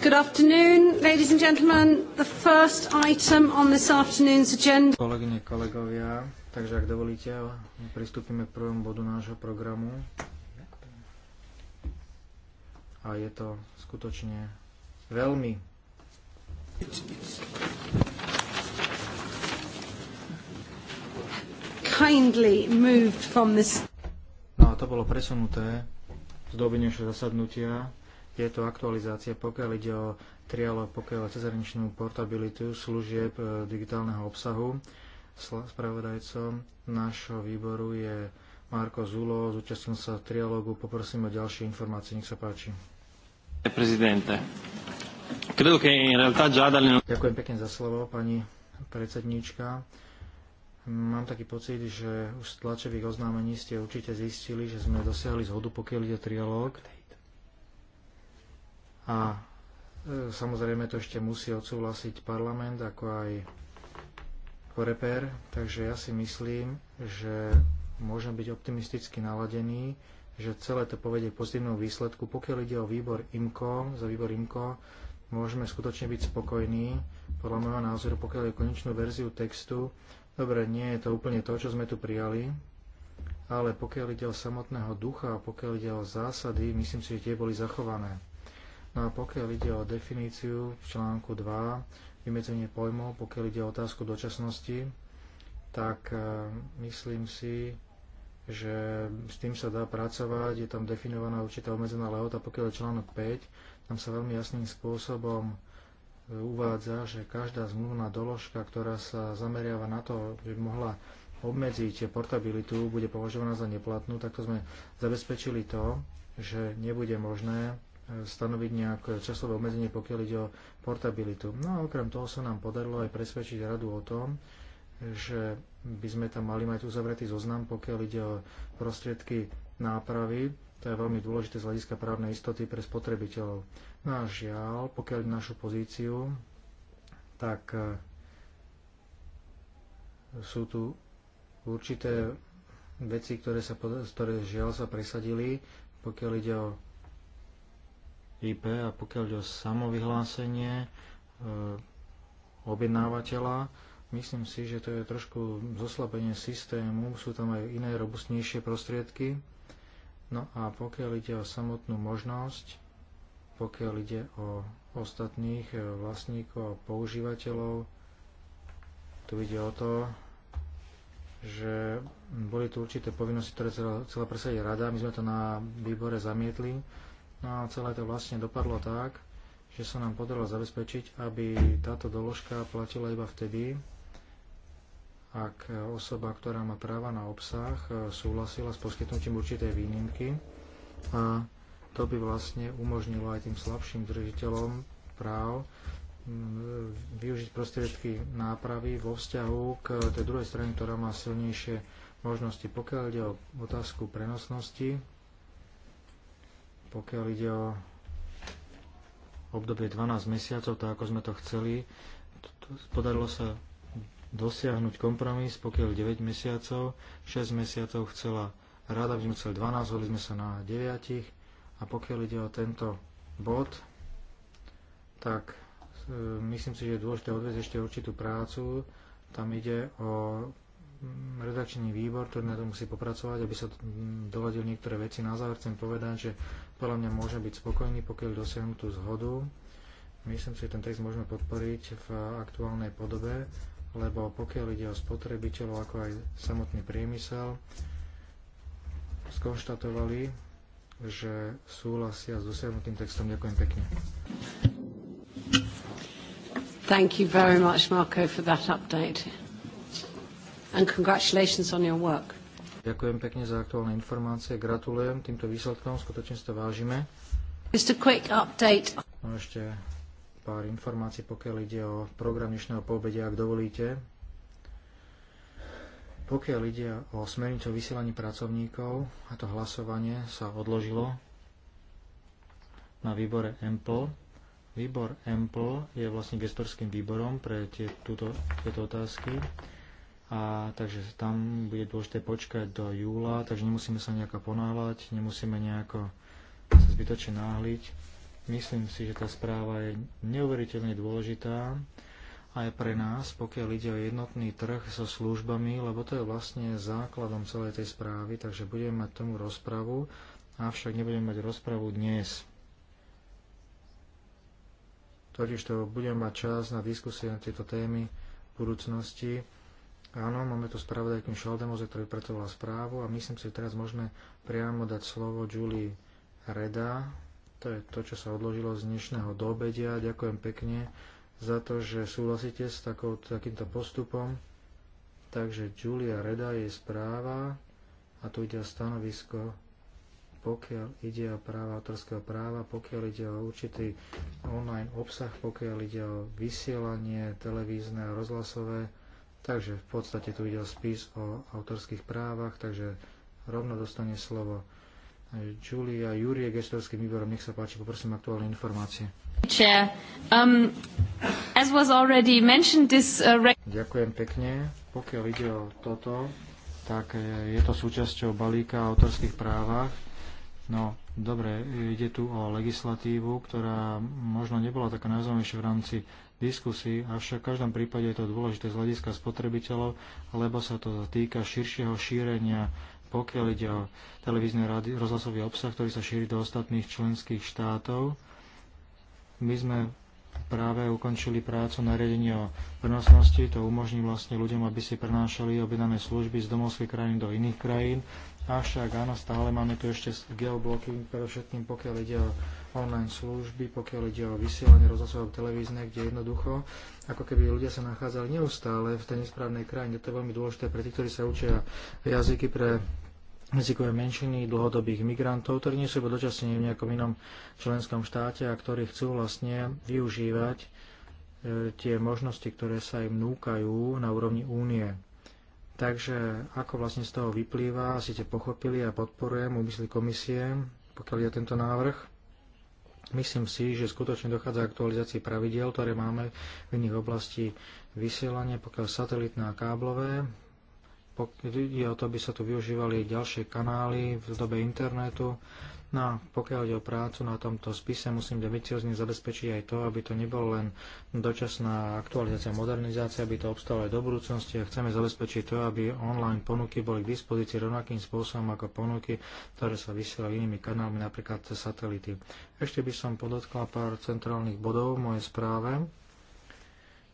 Good afternoon, ladies and gentlemen. The first item on this afternoon's agenda. Kolegyne, kolegovia, takže ak dovolíte, pristúpime k prvom bodu nášho programu. A je to skutočne veľmi kindly moved from this. No a to bolo presunuté z doby zasadnutia je to aktualizácia, pokiaľ ide o trialog, pokiaľ o cezhraničnú portabilitu služieb e, digitálneho obsahu. Spravodajcom nášho výboru je Marko Zulo, zúčastnil sa v trialógu, poprosím o ďalšie informácie, nech sa páči. No- Ďakujem pekne za slovo, pani predsedníčka. Mám taký pocit, že už z tlačových oznámení ste určite zistili, že sme dosiahli zhodu, pokiaľ ide trialóg. A e, samozrejme to ešte musí odsúhlasiť parlament, ako aj koreper, takže ja si myslím, že môžem byť optimisticky naladený, že celé to povedie k pozitívnom výsledku. Pokiaľ ide o výbor IMKO, za výbor IMKO, môžeme skutočne byť spokojní, podľa môjho názoru, pokiaľ je konečnú verziu textu. Dobre, nie je to úplne to, čo sme tu prijali, ale pokiaľ ide o samotného ducha a pokiaľ ide o zásady, myslím si, že tie boli zachované. No a pokiaľ ide o definíciu v článku 2, vymedzenie pojmov, pokiaľ ide o otázku dočasnosti, tak e, myslím si, že s tým sa dá pracovať, je tam definovaná určitá obmedzená lehota, pokiaľ je článok 5, tam sa veľmi jasným spôsobom e, uvádza, že každá zmluvná doložka, ktorá sa zameriava na to, že by mohla obmedziť portabilitu, bude považovaná za neplatnú, takto sme zabezpečili to, že nebude možné stanoviť nejaké časové obmedzenie, pokiaľ ide o portabilitu. No a okrem toho sa nám podarilo aj presvedčiť radu o tom, že by sme tam mali mať uzavretý zoznam, pokiaľ ide o prostriedky nápravy. To je veľmi dôležité z hľadiska právnej istoty pre spotrebiteľov. No a žiaľ, pokiaľ našu pozíciu, tak e, sú tu určité veci, ktoré, sa, ktoré žiaľ sa presadili, pokiaľ ide o IP a pokiaľ ide o samovyhlásenie e, objednávateľa, myslím si, že to je trošku zoslabenie systému, sú tam aj iné robustnejšie prostriedky. No a pokiaľ ide o samotnú možnosť, pokiaľ ide o ostatných e, vlastníkov a používateľov, tu ide o to, že boli tu určité povinnosti, ktoré chcela presadiť rada. My sme to na výbore zamietli. No a celé to vlastne dopadlo tak, že sa nám podarilo zabezpečiť, aby táto doložka platila iba vtedy, ak osoba, ktorá má práva na obsah, súhlasila s poskytnutím určitej výnimky a to by vlastne umožnilo aj tým slabším držiteľom práv mm, využiť prostriedky nápravy vo vzťahu k tej druhej strane, ktorá má silnejšie možnosti. Pokiaľ ide o otázku prenosnosti, pokiaľ ide o obdobie 12 mesiacov, tak ako sme to chceli, podarilo sa dosiahnuť kompromis, pokiaľ 9 mesiacov, 6 mesiacov chcela rada, by sme chceli 12, hodili sme sa na 9 a pokiaľ ide o tento bod, tak e, myslím si, že je dôležité odvieť ešte určitú prácu. Tam ide o Mm, redakčný výbor, ktorý na to musí popracovať, aby sa mm, doladil niektoré veci. Na záver chcem povedať, že podľa mňa môže byť spokojný, pokiaľ dosiahnu tú zhodu. Myslím si, že ten text môžeme podporiť v aktuálnej podobe, lebo pokiaľ ide o spotrebiteľov, ako aj samotný priemysel, skonštatovali, že súhlasia s dosiahnutým textom. Ďakujem pekne. Thank you very much, Marco, for that update and congratulations on your work. Ďakujem pekne za aktuálne informácie, gratulujem týmto výsledkom, skutočne si to vážime. Just a quick update. No ešte pár informácií, pokiaľ ide o program dnešného poobede, ak dovolíte. Pokiaľ ide o smernicu o vysielaní pracovníkov, a to hlasovanie sa odložilo na výbore EMPL. Výbor EMPL je vlastne gestorským výborom pre tieto otázky a takže tam bude dôležité počkať do júla, takže nemusíme sa nejako ponáhľať, nemusíme nejako sa zbytočne náhliť. Myslím si, že tá správa je neuveriteľne dôležitá aj pre nás, pokiaľ ide o jednotný trh so službami, lebo to je vlastne základom celej tej správy, takže budeme mať tomu rozpravu, avšak nebudeme mať rozpravu dnes. Totiž to budeme mať čas na diskusie na tieto témy v budúcnosti Áno, máme tu spravodajkým Šaldemoze, ktorý pretovala správu a myslím si, že teraz môžeme priamo dať slovo Julie Reda. To je to, čo sa odložilo z dnešného dobedia. Ďakujem pekne za to, že súhlasíte s takou, takýmto postupom. Takže Julia Reda je správa a tu ide o stanovisko pokiaľ ide o práva autorského práva, pokiaľ ide o určitý online obsah, pokiaľ ide o vysielanie televízne a rozhlasové, Takže v podstate tu ide o spis o autorských právach, takže rovno dostane slovo Julia Jurie gestorským výborom. Nech sa páči, poprosím aktuálne informácie. Um, this, uh... Ďakujem pekne. Pokiaľ ide o toto, tak e, je to súčasťou balíka o autorských právach. No, dobre, ide tu o legislatívu, ktorá možno nebola taká najzaujímavejšia v rámci diskusii, avšak v každom prípade je to dôležité z hľadiska spotrebiteľov, lebo sa to týka širšieho šírenia, pokiaľ ide o televízny rozhlasový obsah, ktorý sa šíri do ostatných členských štátov. My sme práve ukončili prácu na riadenie o prenosnosti. To umožní vlastne ľuďom, aby si prenášali objednané služby z domovských krajín do iných krajín. Avšak áno, stále máme tu ešte geoblocking, všetkým, pokiaľ ide o online služby, pokiaľ ide o vysielanie rozhlasov televízne, kde jednoducho, ako keby ľudia sa nachádzali neustále v tej nesprávnej krajine. To je veľmi dôležité pre tých, ktorí sa učia jazyky pre jazykové menšiny dlhodobých migrantov, ktorí nie sú iba dočasne v nejakom inom členskom štáte a ktorí chcú vlastne využívať e, tie možnosti, ktoré sa im núkajú na úrovni únie. Takže ako vlastne z toho vyplýva, si ste pochopili a podporujem úmysly komisie, pokiaľ je tento návrh. Myslím si, že skutočne dochádza k aktualizácii pravidiel, ktoré máme v iných oblasti vysielania, pokiaľ satelitné a káblové ide o to, aby sa tu využívali ďalšie kanály v dobe internetu. No a pokiaľ ide o prácu na tomto spise, musím ambiciozne zabezpečiť aj to, aby to nebolo len dočasná aktualizácia, modernizácia, aby to obstalo aj do budúcnosti a chceme zabezpečiť to, aby online ponuky boli k dispozícii rovnakým spôsobom ako ponuky, ktoré sa vysielajú inými kanálmi, napríklad cez satelity. Ešte by som podotkla pár centrálnych bodov v mojej správe.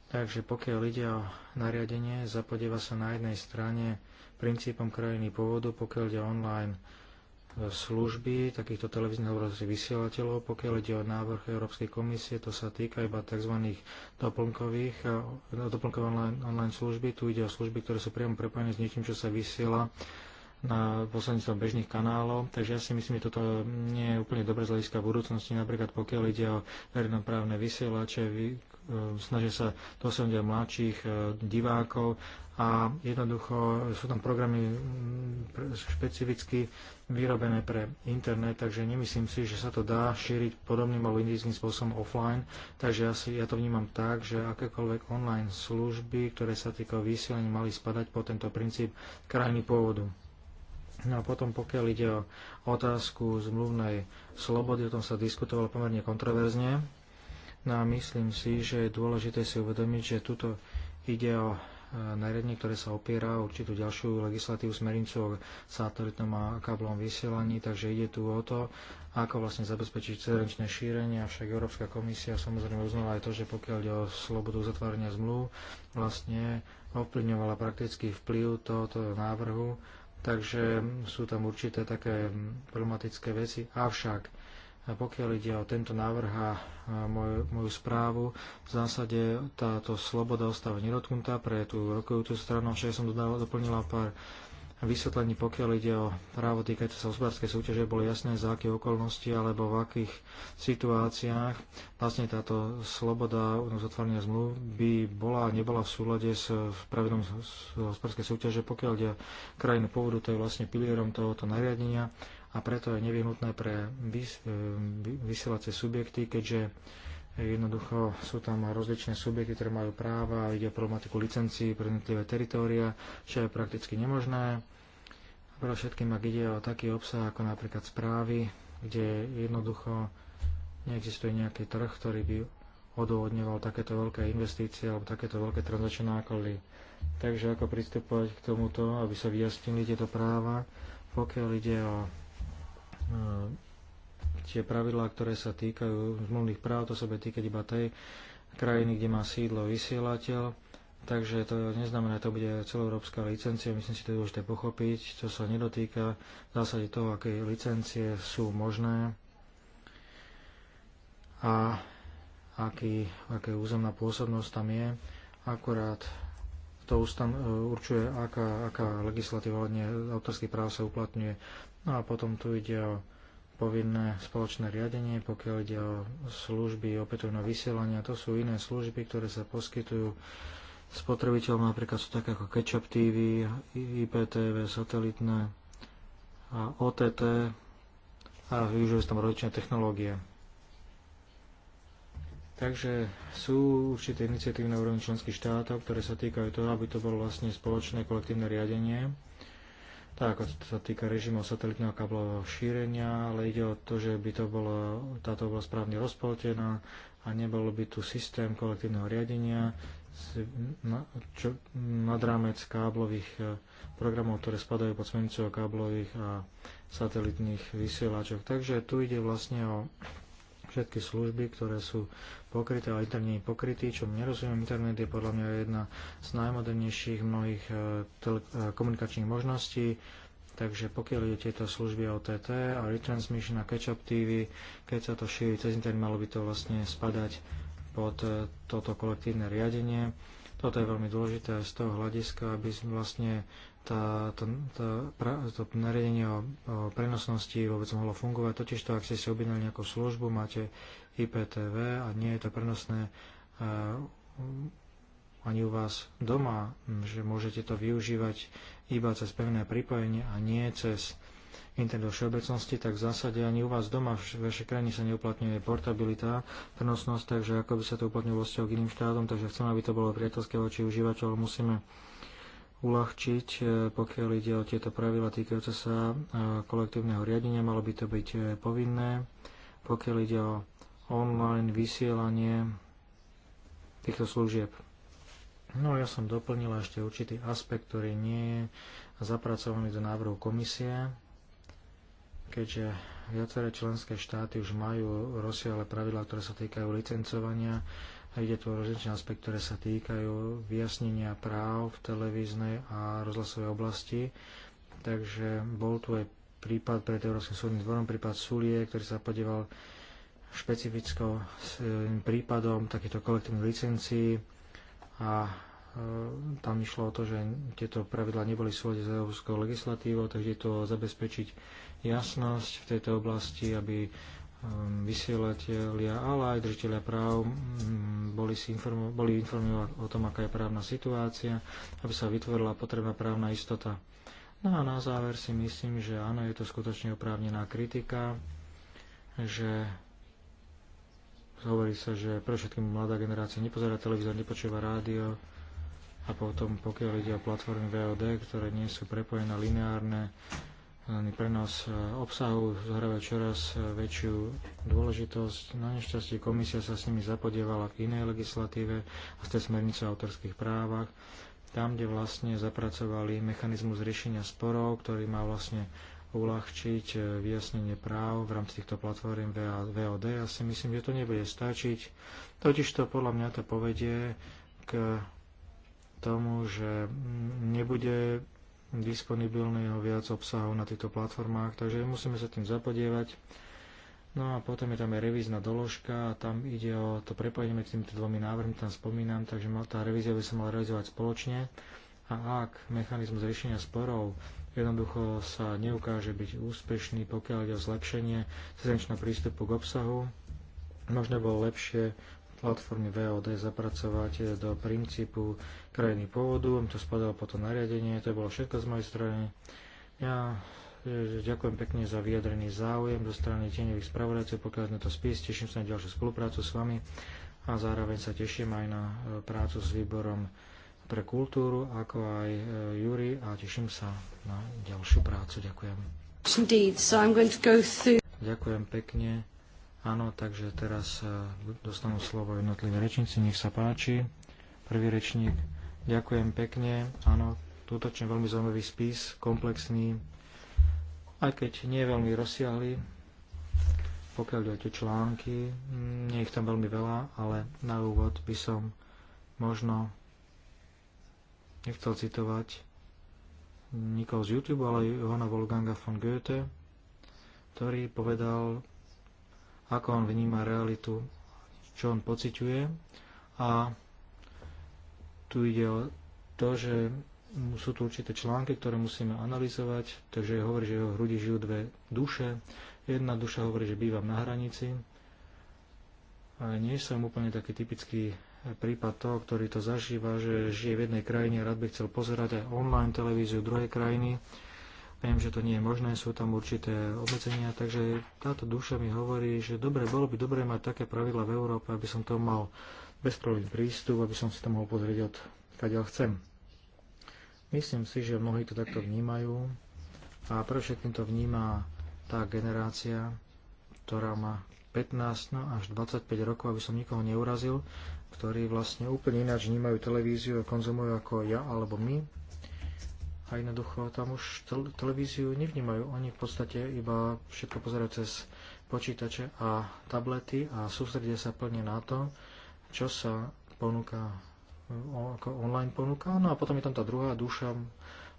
Takže pokiaľ ide o nariadenie, zapodieva sa na jednej strane princípom krajiny pôvodu, pokiaľ ide o online služby takýchto televíznych hovorovacích vysielateľov. Pokiaľ ide o návrh Európskej komisie, to sa týka iba tzv. doplnkových, eh, doplnkové online, online služby. Tu ide o služby, ktoré sú priamo prepojené s niečím, čo sa vysiela na posledníctvom bežných kanálov. Takže ja si myslím, že toto nie je úplne dobre z hľadiska budúcnosti. Napríklad pokiaľ ide o verejnoprávne vysielače, E, snažia sa dosiahnuť aj mladších e, divákov a jednoducho sú tam programy špecificky vyrobené pre internet, takže nemyslím si, že sa to dá šíriť podobným alebo indickým spôsobom offline, takže ja, si, ja to vnímam tak, že akékoľvek online služby, ktoré sa týkajú vysielania, mali spadať po tento princíp krajiny pôvodu. No a potom pokiaľ ide o otázku zmluvnej slobody, o tom sa diskutovalo pomerne kontroverzne. No a myslím si, že je dôležité si uvedomiť, že tuto ide o e, nariadenie, ktoré sa opiera o určitú ďalšiu legislatívu smernicu o satelitnom a káblovom vysielaní, takže ide tu o to, ako vlastne zabezpečiť cezhraničné šírenie, avšak Európska komisia samozrejme uznala aj to, že pokiaľ ide o slobodu zatvárania zmluv, vlastne ovplyvňovala praktický vplyv tohoto návrhu, takže sú tam určité také mm, problematické veci. Avšak a pokiaľ ide o tento návrh a moju, moju správu, v zásade táto sloboda ostáva nedotknutá pre tú rokujúcu stranu. Však som dodal, doplnila pár vysvetlení, pokiaľ ide o právo týkajúce sa hospodárskej súťaže, bolo jasné, za aké okolnosti alebo v akých situáciách vlastne táto sloboda uzatvárania zmluv by bola a nebola v súlade s pravidlom hospodárskej súťaže, pokiaľ ide krajinu pôvodu, to je vlastne pilierom tohoto nariadenia a preto je nevyhnutné pre e, vysielacie subjekty, keďže Jednoducho sú tam rozličné subjekty, ktoré majú práva, ide o problematiku licencií pre jednotlivé teritória, čo je prakticky nemožné. Pre všetkým, ak ide o taký obsah ako napríklad správy, kde jednoducho neexistuje nejaký trh, ktorý by odôvodňoval takéto veľké investície alebo takéto veľké transačné náklady. Takže ako pristupovať k tomuto, aby sa vyjasnili tieto práva, pokiaľ ide o tie pravidlá, ktoré sa týkajú zmluvných práv, to sa bude týkať iba tej krajiny, kde má sídlo vysielateľ. Takže to neznamená, že to bude celoeurópska licencia, myslím si, to je dôležité pochopiť, to sa nedotýka v zásade toho, aké licencie sú možné a aký, aká územná pôsobnosť tam je. Akurát to ustan- e, určuje, aká, aká legislatíva autorských práv sa uplatňuje. No a potom tu ide o povinné spoločné riadenie, pokiaľ ide o služby opätovného vysielania. To sú iné služby, ktoré sa poskytujú spotrebiteľom, napríklad sú také ako Ketchup TV, IPTV, satelitné a OTT a využívajú sa tam rodičné technológie. Takže sú určité iniciatívy na úrovni členských štátov, ktoré sa týkajú toho, aby to bolo vlastne spoločné kolektívne riadenie tak ako sa týka režimov satelitného kablového šírenia, ale ide o to, že by to bolo, táto bola správne rozpoltená a nebolo by tu systém kolektívneho riadenia nad rámec káblových eh, programov, ktoré spadajú pod smernicu o káblových a satelitných vysielačoch. Takže tu ide vlastne o všetky služby, ktoré sú pokryté a internet je pokrytý, čo nerozumiem. Internet je podľa mňa jedna z najmodernejších mnohých e, e, komunikačných možností. Takže pokiaľ ide tieto služby OTT a retransmission a catch-up TV, keď sa to šíri cez internet, malo by to vlastne spadať pod e, toto kolektívne riadenie. Toto je veľmi dôležité z toho hľadiska, aby vlastne tá, to, to, pra, to nariadenie o, o prenosnosti vôbec mohlo fungovať. Totiž to, ak ste si objednali nejakú službu, máte IPTV a nie je to prenosné uh, ani u vás doma, že môžete to využívať iba cez pevné pripojenie a nie cez internet do všeobecnosti, tak v zásade ani u vás doma v vašej krajine sa neuplatňuje portabilita, prenosnosť, takže ako by sa to uplatňovalo vzťahu k iným štátom, takže chcem, aby to bolo priateľské voči užívateľov, musíme uľahčiť, e, pokiaľ ide o tieto pravidla týkajúce sa e, kolektívneho riadenia. Malo by to byť e, povinné. Pokiaľ ide o online vysielanie týchto služieb. No ja som doplnil ešte určitý aspekt, ktorý nie je zapracovaný do návrhu komisie, keďže viaceré členské štáty už majú rozsiahle pravidlá, ktoré sa týkajú licencovania a ide tu o rozličné aspekty, ktoré sa týkajú vyjasnenia práv v televíznej a rozhlasovej oblasti. Takže bol tu aj prípad pred Európskym súdnym dvorom, prípad Sulie, ktorý sa podieval špecifickou e, prípadom takýchto kolektívnych licencií a e, tam išlo o to, že tieto pravidlá neboli v súlade s európskou legislatívou, takže je to zabezpečiť jasnosť v tejto oblasti, aby Ehm, vysielatelia, ale aj držiteľia práv mm, boli, si informo- boli informovaní o tom, aká je právna situácia, aby sa vytvorila potrebná právna istota. No a na záver si myslím, že áno, je to skutočne oprávnená kritika, že hovorí sa, že pre všetkým mladá generácia nepozerá televízor, nepočúva rádio a potom pokiaľ ide o platformy VOD, ktoré nie sú prepojené lineárne, prenos e, obsahu zohráva čoraz e, väčšiu dôležitosť. Na nešťastie komisia sa s nimi zapodievala k inej legislatíve a z tej smernice o autorských právach, tam, kde vlastne zapracovali mechanizmus riešenia sporov, ktorý má vlastne uľahčiť e, vyjasnenie práv v rámci týchto platform VOD. Ja si myslím, že to nebude stačiť. Totiž to podľa mňa to povedie k tomu, že mm, nebude disponibilného viac obsahov na týchto platformách, takže musíme sa tým zapodievať. No a potom je tam aj revízna doložka a tam ide o to prepojenie medzi týmito dvomi návrhmi, tam spomínam, takže tá revízia by sa mala realizovať spoločne a ak mechanizmus riešenia sporov jednoducho sa neukáže byť úspešný, pokiaľ ide o zlepšenie cezhraničného prístupu k obsahu, možno bolo lepšie platformy VOD zapracovať do princípu krajiny pôvodu. To spadalo po to nariadenie, to bolo všetko z mojej strany. Ja e, ďakujem pekne za vyjadrený záujem zo strany tieňových spravodajcov, pokiaľ na to spís. teším sa na ďalšiu spoluprácu s vami a zároveň sa teším aj na e, prácu s výborom pre kultúru, ako aj e, Júri a teším sa na ďalšiu prácu. Ďakujem. Ďakujem pekne. Áno, takže teraz e, dostanú slovo jednotliví rečníci, nech sa páči. Prvý rečník, ďakujem pekne, áno, tutočne veľmi zaujímavý spis, komplexný, aj keď nie je veľmi rozsiahly, pokiaľ ide o tie články, mm, nie ich tam veľmi veľa, ale na úvod by som možno nechcel citovať nikoho z YouTube, ale Johana Wolfganga von Goethe, ktorý povedal ako on vníma realitu, čo on pociťuje. A tu ide o to, že sú tu určité články, ktoré musíme analyzovať, takže hovorí, že jeho hrudi žijú dve duše. Jedna duša hovorí, že bývam na hranici. A nie som úplne taký typický prípad toho, ktorý to zažíva, že žije v jednej krajine, a rád by chcel pozerať aj online televíziu druhej krajiny Viem, že to nie je možné, sú tam určité obmedzenia, takže táto duša mi hovorí, že dobre, bolo by dobré mať také pravidla v Európe, aby som to mal bezproblémový prístup, aby som si to mohol pozrieť od kadeľ chcem. Myslím si, že mnohí to takto vnímajú a pre všetkým to vníma tá generácia, ktorá má 15 no, až 25 rokov, aby som nikoho neurazil, ktorí vlastne úplne ináč vnímajú televíziu a konzumujú ako ja alebo my, a jednoducho tam už televíziu nevnímajú. Oni v podstate iba všetko pozerajú cez počítače a tablety a sústredia sa plne na to, čo sa ponúka ako online ponúka. No a potom je tam tá druhá duša,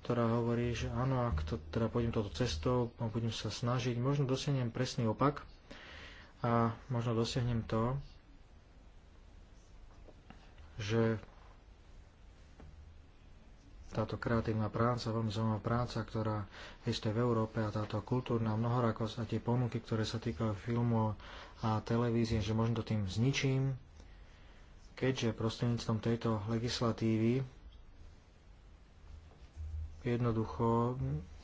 ktorá hovorí, že áno, ak to, teda pôjdem touto cestou, no budem sa snažiť, možno dosiahnem presný opak a možno dosiahnem to, že táto kreatívna práca, veľmi zaujímavá práca, ktorá existuje v Európe a táto kultúrna mnohorakosť a tie ponuky, ktoré sa týkajú filmov a televízie, že možno to tým zničím, keďže prostredníctvom tejto legislatívy jednoducho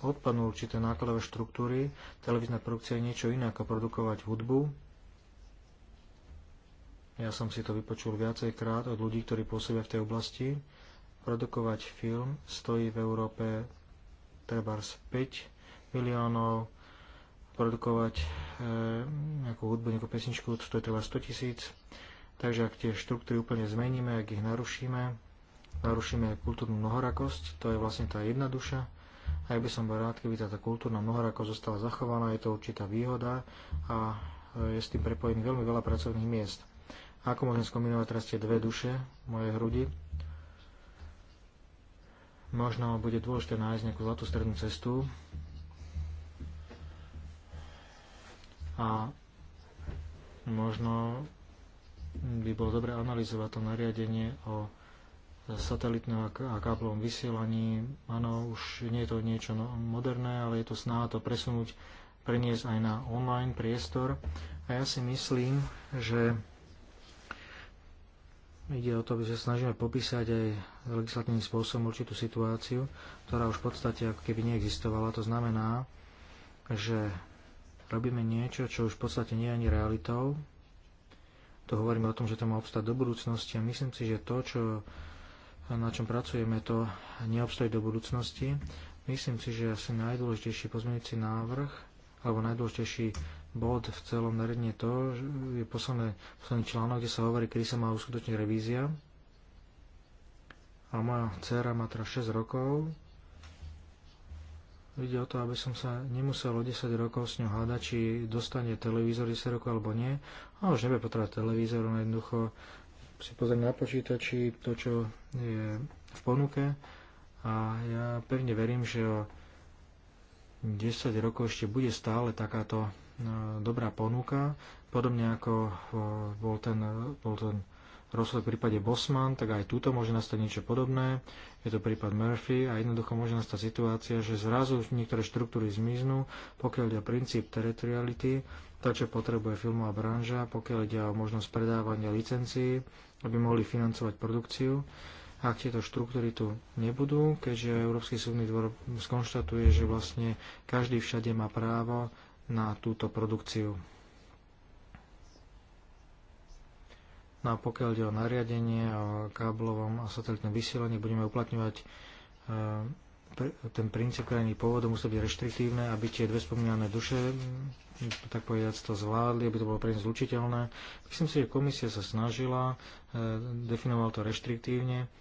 odpadnú určité nákladové štruktúry. Televízna produkcia je niečo iné ako produkovať hudbu. Ja som si to vypočul viacejkrát od ľudí, ktorí pôsobia v tej oblasti Produkovať film stojí v Európe treba 5 miliónov, produkovať e, nejakú hudbu, nejakú pesničku, to stojí treba 100 tisíc. Takže ak tie štruktúry úplne zmeníme, ak ich narušíme, narušíme kultúrnu mnohorakosť, to je vlastne tá jedna duša. A ja by som bol rád, keby táto kultúrna mnohorakosť zostala zachovaná, je to určitá výhoda a e, je s tým prepojený veľmi veľa pracovných miest. Ako môžem skombinovať teraz tie dve duše moje hrudi? Možno bude dôležité nájsť nejakú zlatú strednú cestu. A možno by bolo dobre analyzovať to nariadenie o satelitnom a káblovom vysielaní. Áno, už nie je to niečo no- moderné, ale je to snaha to presunúť, preniesť aj na online priestor. A ja si myslím, že Ide o to, že sa snažíme popísať aj legislatívnym spôsobom určitú situáciu, ktorá už v podstate ako keby neexistovala. To znamená, že robíme niečo, čo už v podstate nie je ani realitou. To hovoríme o tom, že to má obstať do budúcnosti a myslím si, že to, čo, na čom pracujeme, to neobstojí do budúcnosti. Myslím si, že asi najdôležitejší pozmeňujúci návrh alebo najdôležitejší bod v celom nariadení to, že je posledné, posledný článok, kde sa hovorí, kedy sa má uskutočniť revízia. A moja dcéra má teraz 6 rokov. Ide o to, aby som sa nemusel o 10 rokov s ňou hádať, či dostane televízor 10 rokov alebo nie. A už nebude potrebovať televízor, ona jednoducho si pozriem na počítači to, čo je v ponuke. A ja pevne verím, že o 10 rokov ešte bude stále takáto E, dobrá ponuka, podobne ako e, bol ten, bol ten rozsudok v prípade Bosman, tak aj túto môže nastať niečo podobné. Je to prípad Murphy a jednoducho môže nastať situácia, že zrazu niektoré štruktúry zmiznú, pokiaľ ide o princíp teritoriality, to, čo potrebuje filmová branža, pokiaľ ide o možnosť predávania licencií, aby mohli financovať produkciu. Ak tieto štruktúry tu nebudú, keďže Európsky súdny dvor skonštatuje, že vlastne každý všade má právo na túto produkciu. No a pokiaľ ide o nariadenie o káblovom a satelitnom vysielaní, budeme uplatňovať e, ten princíp krajiny pôvodu musí byť reštriktívne, aby tie dve spomínané duše, mm, tak povedať, to zvládli, aby to bolo pre nich zlučiteľné. Myslím si, že komisia sa snažila, e, definoval to reštriktívne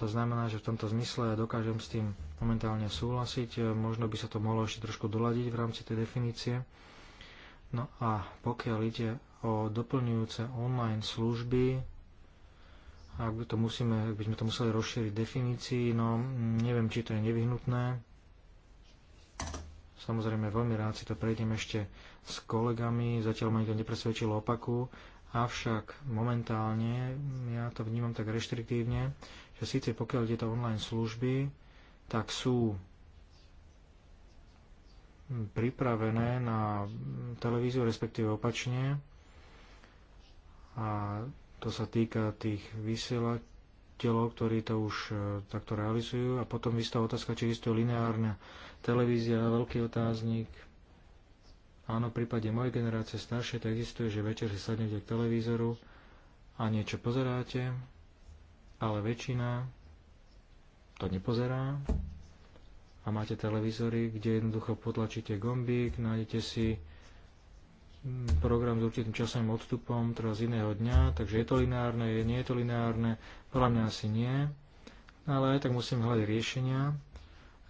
to znamená, že v tomto zmysle ja dokážem s tým momentálne súhlasiť. E, možno by sa to mohlo ešte trošku doladiť v rámci tej definície. No a pokiaľ ide o doplňujúce online služby, ak by, to musíme, ak by sme to museli rozšíriť definícii, no neviem, či to je nevyhnutné. Samozrejme, veľmi rád si to prejdem ešte s kolegami, zatiaľ ma nikto nepresvedčilo opaku, avšak momentálne ja to vnímam tak reštriktívne, že síce pokiaľ ide to online služby, tak sú pripravené na televíziu, respektíve opačne. A to sa týka tých vysielateľov, ktorí to už e, takto realizujú. A potom istá otázka, či existuje lineárna televízia, veľký otáznik. Áno, v prípade mojej generácie staršie to existuje, že večer si sadnete k televízoru a niečo pozeráte ale väčšina to nepozerá a máte televízory, kde jednoducho potlačíte gombík, nájdete si mm, program s určitým časovým odstupom, teda z iného dňa, takže je to lineárne, nie je to lineárne, podľa mňa asi nie, ale aj tak musím hľadať riešenia,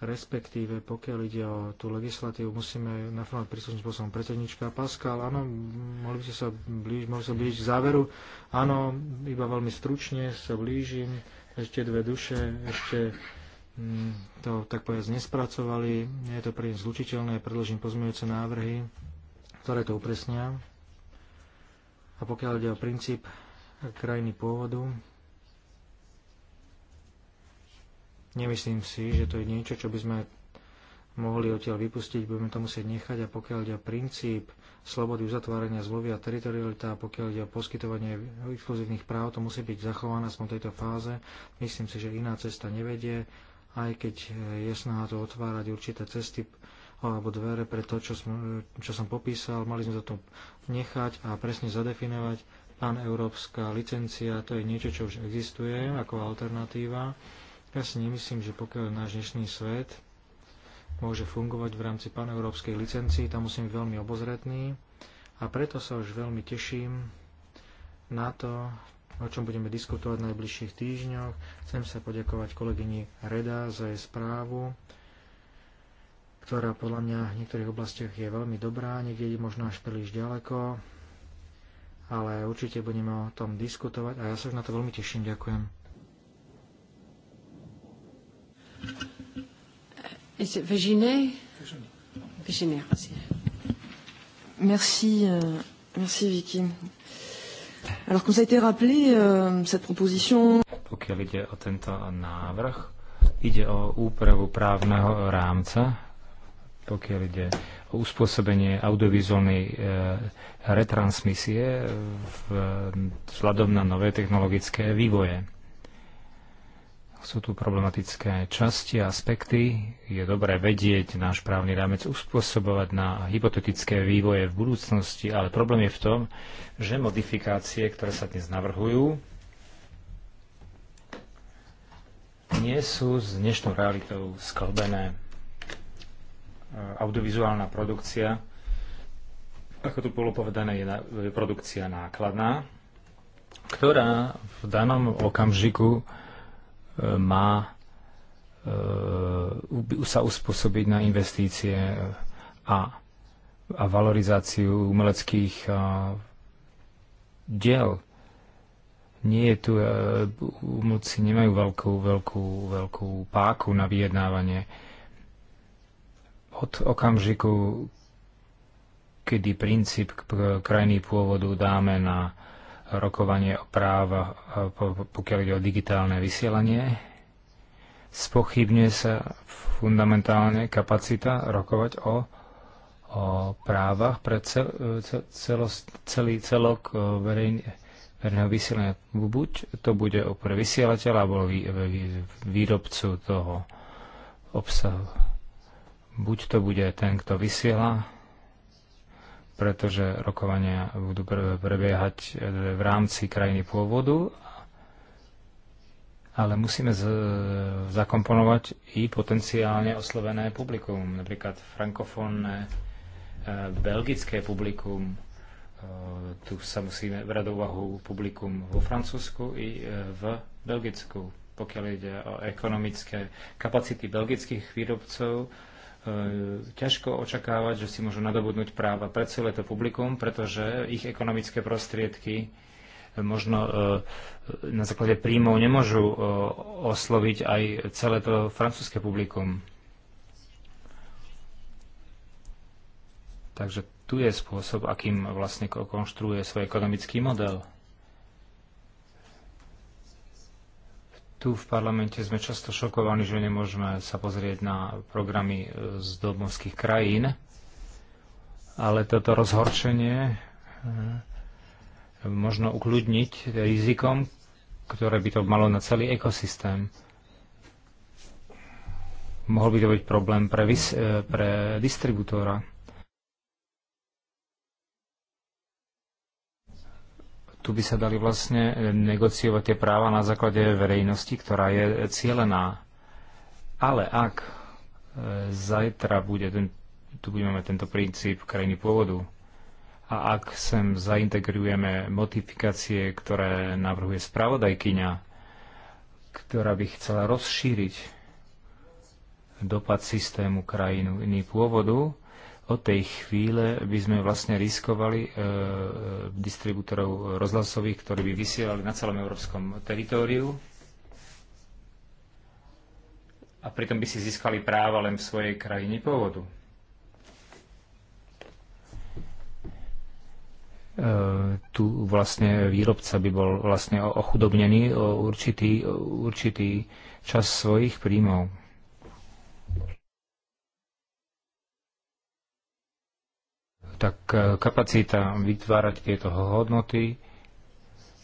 respektíve pokiaľ ide o tú legislatívu, musíme naformovať príslušným spôsobom. Predsednička Pascal, áno, mohli by ste sa blíž, mohli sa blížiť k záveru. Áno, iba veľmi stručne sa blížim. Ešte dve duše, ešte mm, to tak povedať nespracovali. Nie je to nich zlučiteľné, predložím pozmeňujúce návrhy, ktoré to upresnia. A pokiaľ ide o princíp krajiny pôvodu, Nemyslím si, že to je niečo, čo by sme mohli odtiaľ vypustiť, budeme to musieť nechať a pokiaľ ide o princíp slobody uzatvárania zmluvy a teritorialita a pokiaľ ide o poskytovanie exkluzívnych práv, to musí byť zachované aspoň v tejto fáze. Myslím si, že iná cesta nevedie, aj keď je snaha to otvárať určité cesty alebo dvere pre to, čo som, čo som popísal. Mali sme to nechať a presne zadefinovať. Pán európska licencia, to je niečo, čo už existuje ako alternatíva ja si nemyslím, že pokiaľ náš dnešný svet môže fungovať v rámci paneurópskej licencii, tam musím byť veľmi obozretný a preto sa už veľmi teším na to, o čom budeme diskutovať v najbližších týždňoch. Chcem sa poďakovať kolegyni Reda za jej správu, ktorá podľa mňa v niektorých oblastiach je veľmi dobrá, niekde je možno až príliš ďaleko, ale určite budeme o tom diskutovať a ja sa už na to veľmi teším. Ďakujem. Is euh, it Virginie? Virginie merci, euh, merci Vicky. Alors, comme ça a été rappelé, euh, cette proposition... Pokiaľ ide o tento návrh, ide o úpravu právneho rámca, pokiaľ ide o uspôsobenie audiovizuálnej e, retransmisie v, vzhľadom na nové technologické vývoje. Sú tu problematické časti a aspekty. Je dobré vedieť náš právny rámec uspôsobovať na hypotetické vývoje v budúcnosti, ale problém je v tom, že modifikácie, ktoré sa dnes navrhujú, nie sú s dnešnou realitou sklbené. Audiovizuálna produkcia, ako tu bolo povedané, je, produkcia nákladná, ktorá v danom okamžiku má eh, sa uspôsobiť na investície a, a valorizáciu umeleckých eh, diel. Nie je tu, eh, umelci nemajú veľkú, veľkú, veľkú páku na vyjednávanie. Od okamžiku, kedy princíp krajiny pôvodu dáme na rokovanie o práva, pokiaľ ide o digitálne vysielanie. Spochybňuje sa fundamentálne kapacita rokovať o, o právach pre cel, celost, celý celok e, verejne, verejného vysielania. Buď to bude pre vysielateľa alebo vý, vý, výrobcu toho obsahu. Buď to bude ten, kto vysiela, pretože rokovania budú prebiehať e, v rámci krajiny pôvodu, ale musíme z, zakomponovať i potenciálne oslovené publikum, napríklad frankofónne e, belgické publikum, e, tu sa musíme brať do úvahu publikum vo Francúzsku i e, v Belgicku. Pokiaľ ide o ekonomické kapacity belgických výrobcov, E, ťažko očakávať, že si môžu nadobudnúť práva pre celé to publikum, pretože ich ekonomické prostriedky e, možno e, na základe príjmov nemôžu osloviť aj celé to francúzske publikum. Takže tu je spôsob, akým vlastne konštruuje svoj ekonomický model. Tu v parlamente sme často šokovaní, že nemôžeme sa pozrieť na programy e, z domovských krajín, ale toto rozhorčenie e, možno ukludniť rizikom, ktoré by to malo na celý ekosystém. Mohol by to byť problém pre, vis- e, pre distribútora. tu by sa dali vlastne e, negociovať tie práva na základe verejnosti, ktorá je cielená. Ale ak e, zajtra bude ten, tu budeme mať tento princíp krajiny pôvodu a ak sem zaintegrujeme modifikácie, ktoré navrhuje spravodajkyňa, ktorá by chcela rozšíriť dopad systému krajiny pôvodu, od tej chvíle by sme vlastne riskovali e, e distribútorov rozhlasových, ktorí by vysielali na celom európskom teritóriu a pritom by si získali práva len v svojej krajine pôvodu. E, tu vlastne výrobca by bol vlastne ochudobnený o určitý, určitý čas svojich príjmov. tak e, kapacita vytvárať tieto hodnoty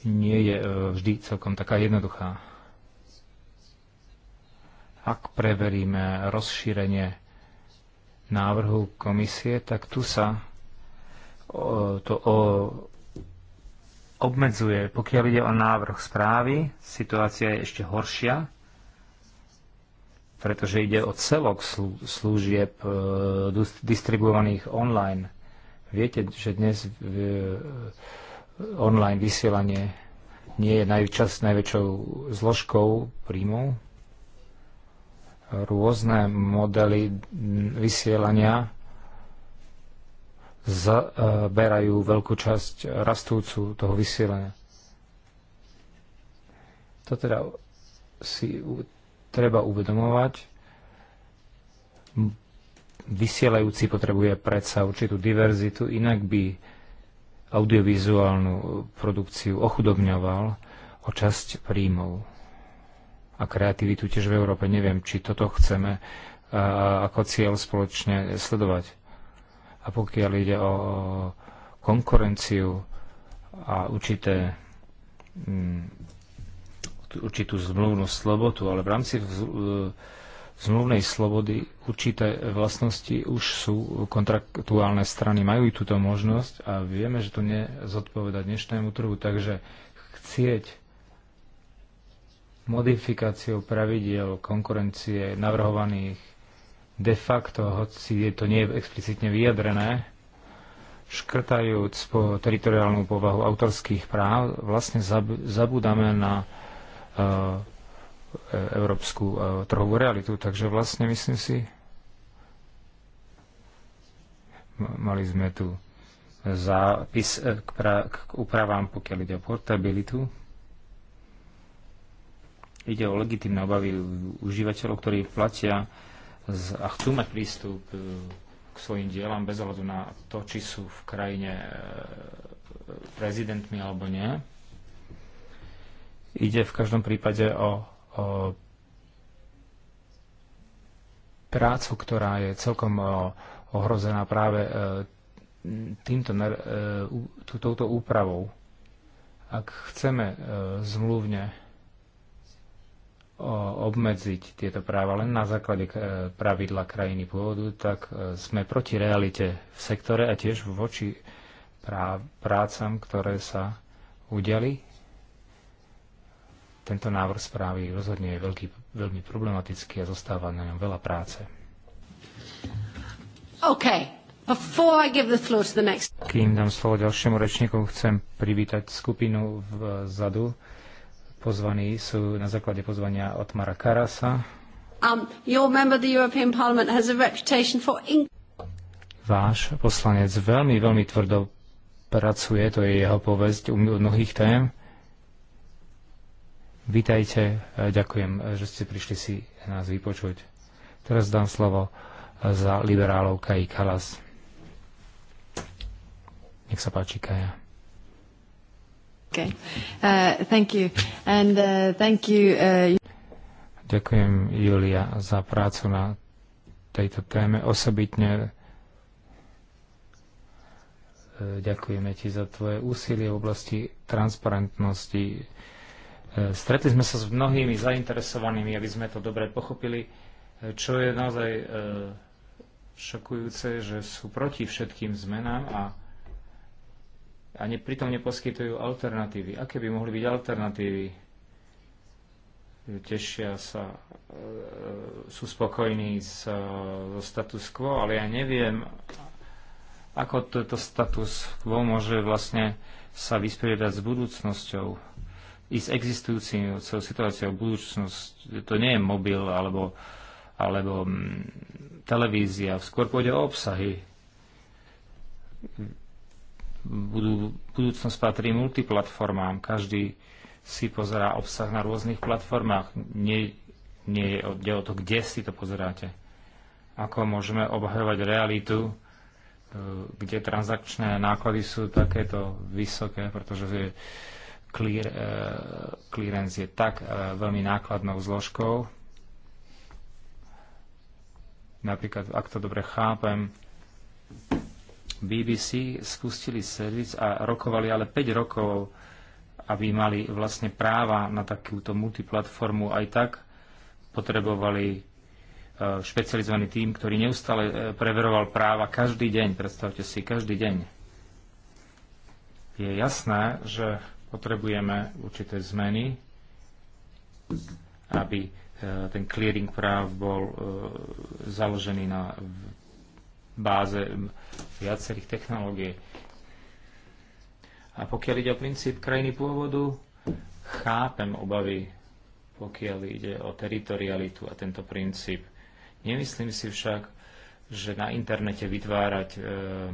nie je e, vždy celkom taká jednoduchá. Ak preveríme rozšírenie návrhu komisie, tak tu sa to obmedzuje. Pokiaľ ide o návrh správy, situácia je ešte horšia, pretože ide o celok služieb e, distribuovaných online. Viete, že dnes e, online vysielanie nie je najčas najväčšou zložkou príjmov. Rôzne modely vysielania zaberajú veľkú časť rastúcu toho vysielania. To teda si treba uvedomovať vysielajúci potrebuje predsa určitú diverzitu, inak by audiovizuálnu produkciu ochudobňoval o časť príjmov a kreativitu tiež v Európe. Neviem, či toto chceme ako cieľ spoločne sledovať. A pokiaľ ide o konkurenciu a určité mm, určitú zmluvnú slobotu, ale v rámci e, zmluvnej slobody určité vlastnosti už sú kontraktuálne strany, majú túto možnosť a vieme, že to nezodpoveda dnešnému trhu, takže chcieť modifikáciou pravidiel konkurencie navrhovaných de facto, hoci je to nie je explicitne vyjadrené, škrtajúc po teritoriálnu povahu autorských práv, vlastne zab- zabudáme na uh, E, európsku e, trhovú realitu. Takže vlastne myslím si, mali sme tu zápis e, k, pra, k úpravám, pokiaľ ide o portabilitu. Ide o legitimné obavy užívateľov, ktorí platia a chcú mať prístup k svojim dielam bez ohľadu na to, či sú v krajine prezidentmi alebo nie. Ide v každom prípade o prácu, ktorá je celkom ohrozená práve e, týmto, e, touto úpravou. Ak chceme e, zmluvne obmedziť tieto práva len na základe pravidla krajiny pôvodu, tak sme proti realite v sektore a tiež voči prácam, ktoré sa udiali tento návrh správy rozhodne je veľký, veľmi problematický a zostáva na ňom veľa práce. Okay. I give the the floor to Next... Kým dám slovo ďalšiemu rečníku, chcem privítať skupinu vzadu. Pozvaní sú na základe pozvania Otmara Karasa. Um, the has a for... in- Váš poslanec veľmi, veľmi tvrdo pracuje, to je jeho povesť u mnohých tém. Vítajte, e, ďakujem, e, že ste prišli si nás vypočuť. Teraz dám slovo e, za liberálov Kaji Kalas. Nech sa páči, Kaja. Okay. Uh, thank you. And, uh, thank you, uh... Ďakujem, Julia, za prácu na tejto téme. Osobitne ďakujeme ti za tvoje úsilie v oblasti transparentnosti Stretli sme sa s mnohými zainteresovanými, aby sme to dobre pochopili, čo je naozaj e, šokujúce, že sú proti všetkým zmenám a, a ne, pritom neposkytujú alternatívy. Aké by mohli byť alternatívy? Tešia sa, e, sú spokojní so, e, so status quo, ale ja neviem, ako toto status quo môže vlastne sa vyspriedať s budúcnosťou i s existujúcou situáciou budúcnosť, to nie je mobil alebo, alebo mm, televízia, skôr pôjde o obsahy. Budú, budúcnosť patrí multiplatformám, každý si pozerá obsah na rôznych platformách, nie, nie je o, o to, kde si to pozeráte. Ako môžeme obhajovať realitu, e, kde transakčné náklady sú takéto vysoké, pretože je, clear, eh, clearance je tak eh, veľmi nákladnou zložkou. Napríklad, ak to dobre chápem, BBC spustili servis a rokovali ale 5 rokov, aby mali vlastne práva na takúto multiplatformu. Aj tak potrebovali eh, špecializovaný tým, ktorý neustále preveroval práva každý deň, predstavte si, každý deň. Je jasné, že Potrebujeme určité zmeny, aby e, ten clearing práv bol e, založený na báze viacerých technológií. A pokiaľ ide o princíp krajiny pôvodu, chápem obavy, pokiaľ ide o teritorialitu a tento princíp. Nemyslím si však, že na internete vytvárať e,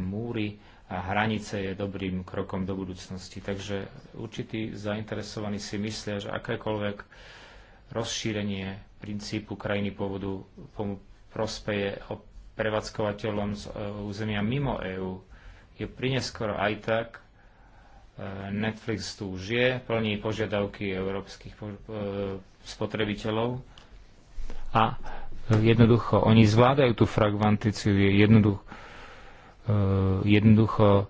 múry a hranice je dobrým krokom do budúcnosti. Takže určití zainteresovaní si myslia, že akékoľvek rozšírenie princípu krajiny pôvodu prospeje prevádzkovateľom z e, územia mimo EÚ. Je prineskoro aj tak, e, Netflix tu už je, plní požiadavky európskych e, spotrebiteľov a jednoducho oni zvládajú tú fragmentáciu, jednoducho E, jednoducho e,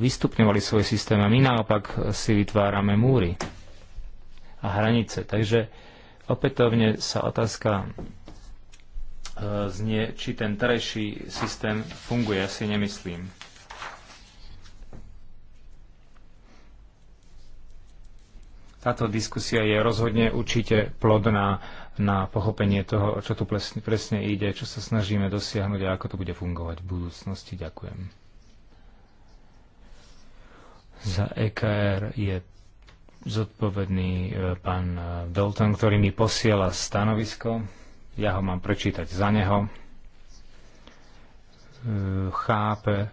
vystupňovali svoj systém a my naopak si vytvárame múry a hranice. Takže opätovne sa otázka e, znie, či ten terajší systém funguje. Ja si nemyslím. Táto diskusia je rozhodne určite plodná na pochopenie toho, čo tu presne, presne ide, čo sa snažíme dosiahnuť a ako to bude fungovať v budúcnosti. Ďakujem. Za EKR je zodpovedný e, pán e, Dalton, ktorý mi posiela stanovisko. Ja ho mám prečítať za neho. E, chápe,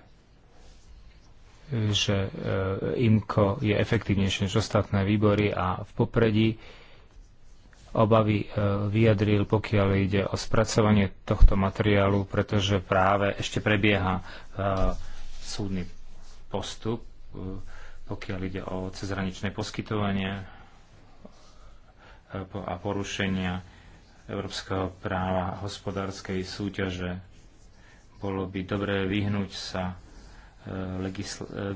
že IMCO je efektívnejšie než ostatné výbory a v popredí obavy e, vyjadril, pokiaľ ide o spracovanie tohto materiálu, pretože práve ešte prebieha e, súdny postup, e, pokiaľ ide o cezhraničné poskytovanie a porušenia európskeho práva hospodárskej súťaže. Bolo by dobré vyhnúť sa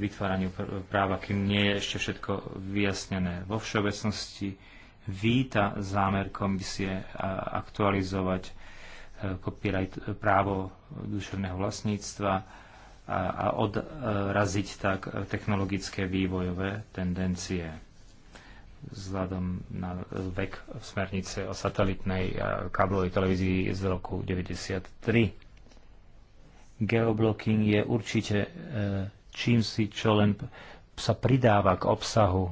vytváraniu práva, kým nie je ešte všetko vyjasnené. Vo všeobecnosti víta zámer komisie aktualizovať e, copyright e, právo duševného vlastníctva a, odraziť tak technologické vývojové tendencie vzhľadom na vek smernice o satelitnej káblovej televízii z roku 1993. Geoblocking je určite e, čím si, čo len sa pridáva k obsahu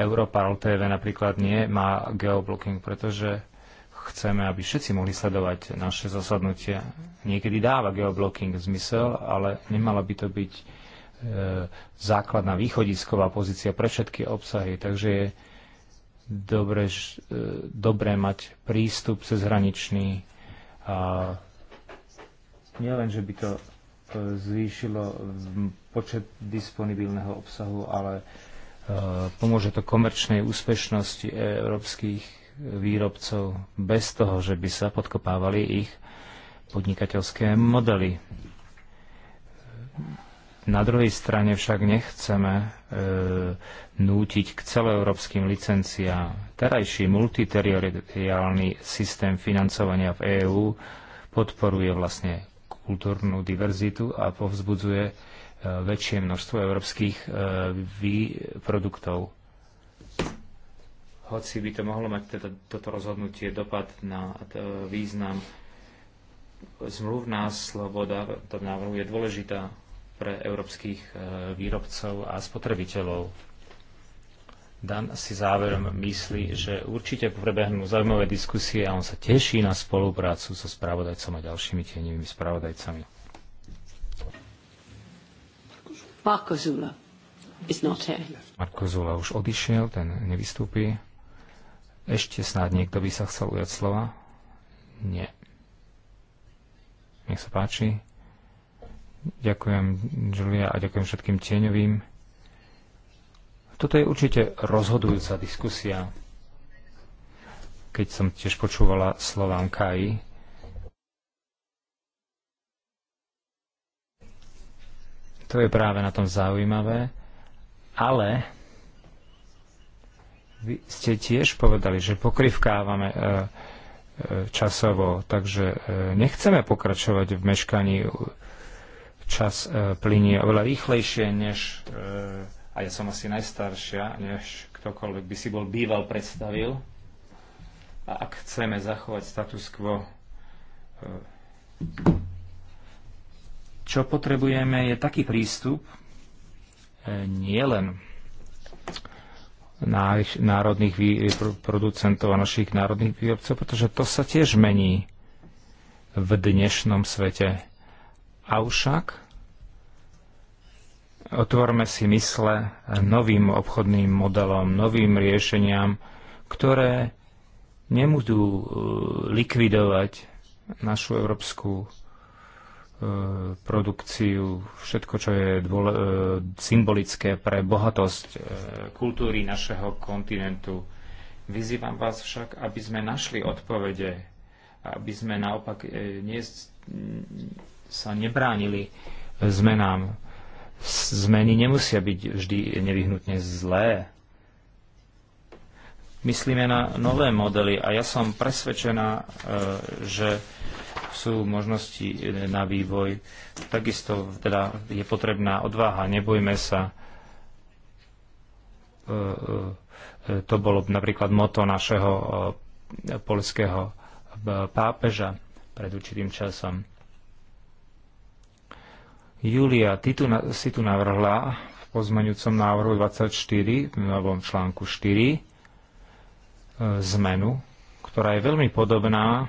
Europarl TV napríklad nie má geoblocking, pretože chceme, aby všetci mohli sledovať naše zasadnutia. Niekedy dáva geoblocking zmysel, ale nemala by to byť e, základná východisková pozícia pre všetky obsahy. Takže je dobre, e, dobre mať prístup cezhraničný. A nielen, že by to e, zvýšilo počet disponibilného obsahu, ale Eh, pomôže to komerčnej úspešnosti európskych výrobcov bez toho, že by sa podkopávali ich podnikateľské modely. Na druhej strane však nechceme e, nútiť k celoeurópskym licenciám. Terajší multiteritoriálny systém financovania v EÚ podporuje vlastne kultúrnu diverzitu a povzbudzuje väčšie množstvo európskych e, produktov. Hoci by to mohlo mať teda, toto rozhodnutie dopad na e, význam, zmluvná sloboda to návrhu je dôležitá pre európskych e, výrobcov a spotrebiteľov. Dan si záverom myslí, že určite prebehnú zaujímavé diskusie a on sa teší na spoluprácu so spravodajcom a ďalšími tieňovými spravodajcami. Marko Zula is not here. Marko Zula už odišiel, ten nevystúpi. Ešte snáď niekto by sa chcel ujať slova? Nie. Nech sa páči. Ďakujem Julia a ďakujem všetkým tieňovým. Toto je určite rozhodujúca diskusia. Keď som tiež počúvala slovám Kai, To je práve na tom zaujímavé. Ale vy ste tiež povedali, že pokrivkávame e, e, časovo, takže e, nechceme pokračovať v meškaní. Čas plinie oveľa rýchlejšie, než, a ja som asi najstaršia, než ktokoľvek by si bol býval predstavil. A ak chceme zachovať status quo, čo potrebujeme je taký prístup, e, nie len národných producentov a našich národných výrobcov, pretože to sa tiež mení v dnešnom svete. Avšak otvorme si mysle novým obchodným modelom, novým riešeniam, ktoré nebudú e, likvidovať našu európsku E, produkciu, všetko, čo je dôle, e, symbolické pre bohatosť e, kultúry našeho kontinentu. Vyzývam vás však, aby sme našli odpovede, aby sme naopak nie, sa nebránili zmenám. Zmeny nemusia byť vždy nevyhnutne zlé. Myslíme na nové modely a ja som presvedčená, že sú možnosti e, na vývoj. Takisto teda je potrebná odvaha, nebojme sa. E, e, to bolo napríklad moto našeho polského pápeža pred určitým časom. Julia, ty tu, si tu navrhla v pozmeňujúcom návrhu 24, v novom článku 4, zmenu, ktorá je veľmi podobná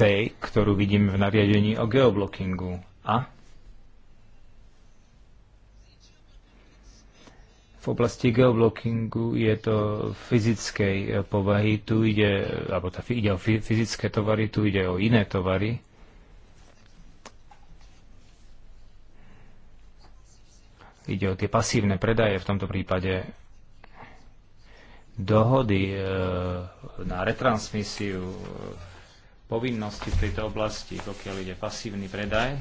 tej, ktorú vidím v nariadení o geoblockingu. A v oblasti geoblockingu je to fyzickej e, povahy, tu ide, alebo tá, ide o fyzické tovary, tu ide o iné tovary. Ide o tie pasívne predaje v tomto prípade dohody e, na retransmisiu e, povinnosti v tejto oblasti, pokiaľ ide pasívny predaj, e,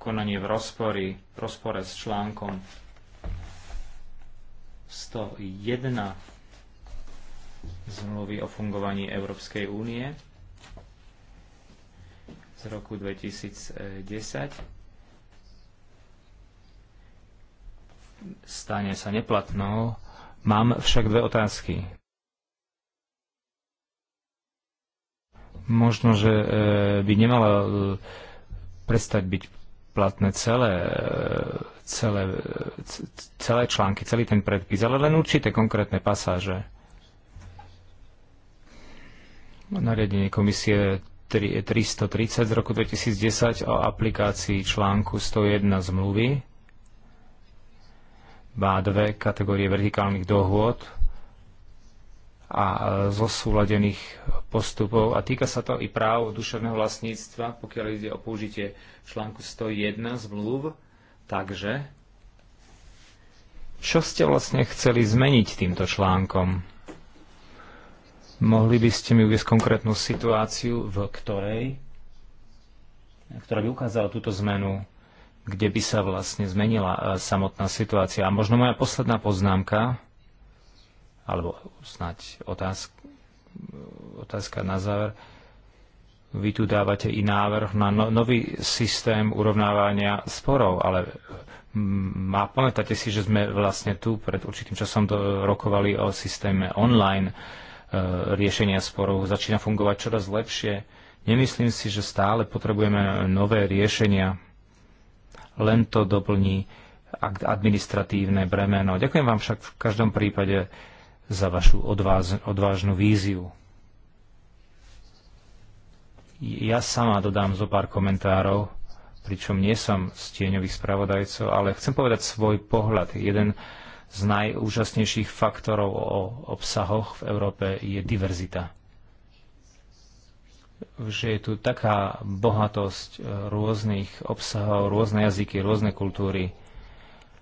konanie v rozpory v rozpore s článkom 101 zmluvy o fungovaní Európskej únie z roku 2010 stane sa neplatnou. Mám však dve otázky. Možno, že e, by nemala e, prestať byť platné celé, e, celé, celé články, celý ten predpis, ale len určité konkrétne pasáže. Nariadenie komisie 330 z roku 2010 o aplikácii článku 101 zmluvy má dve kategórie vertikálnych dohôd a e, zosúladených postupov. A týka sa to i práv duševného vlastníctva, pokiaľ ide o použitie článku 101 zmluv. Takže, čo ste vlastne chceli zmeniť týmto článkom? Mohli by ste mi uvieť konkrétnu situáciu, v ktorej, ktorá by ukázala túto zmenu, kde by sa vlastne zmenila e, samotná situácia. A možno moja posledná poznámka, alebo snáď otázka, otázka na záver. Vy tu dávate i návrh na no, nový systém urovnávania sporov, ale má, pamätáte si, že sme vlastne tu pred určitým časom to rokovali o systéme online e, riešenia sporov. Začína fungovať čoraz lepšie. Nemyslím si, že stále potrebujeme nové riešenia. Len to doplní administratívne bremeno. Ďakujem vám však v každom prípade za vašu odváž, odvážnu víziu. Ja sama dodám zo pár komentárov, pričom nie som stieňových spravodajcov, ale chcem povedať svoj pohľad. Jeden z najúžasnejších faktorov o obsahoch v Európe je diverzita. Že je tu taká bohatosť eh, rôznych obsahov, rôzne jazyky, rôzne kultúry,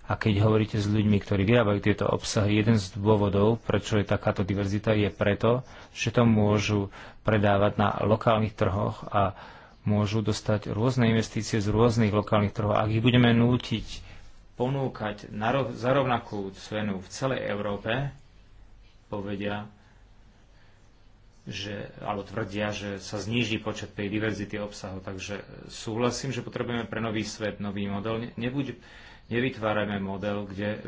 a keď hovoríte s ľuďmi, ktorí vyrábajú tieto obsahy, jeden z dôvodov, prečo je takáto diverzita, je preto, že to môžu predávať na lokálnych trhoch a môžu dostať rôzne investície z rôznych lokálnych trhov. Ak ich budeme nútiť ponúkať za rovnakú cenu v celej Európe, povedia, že, alebo tvrdia, že sa zníži počet tej diverzity obsahu. Takže súhlasím, že potrebujeme pre nový svet nový model. nebude, nevytvárajme model, kde mm,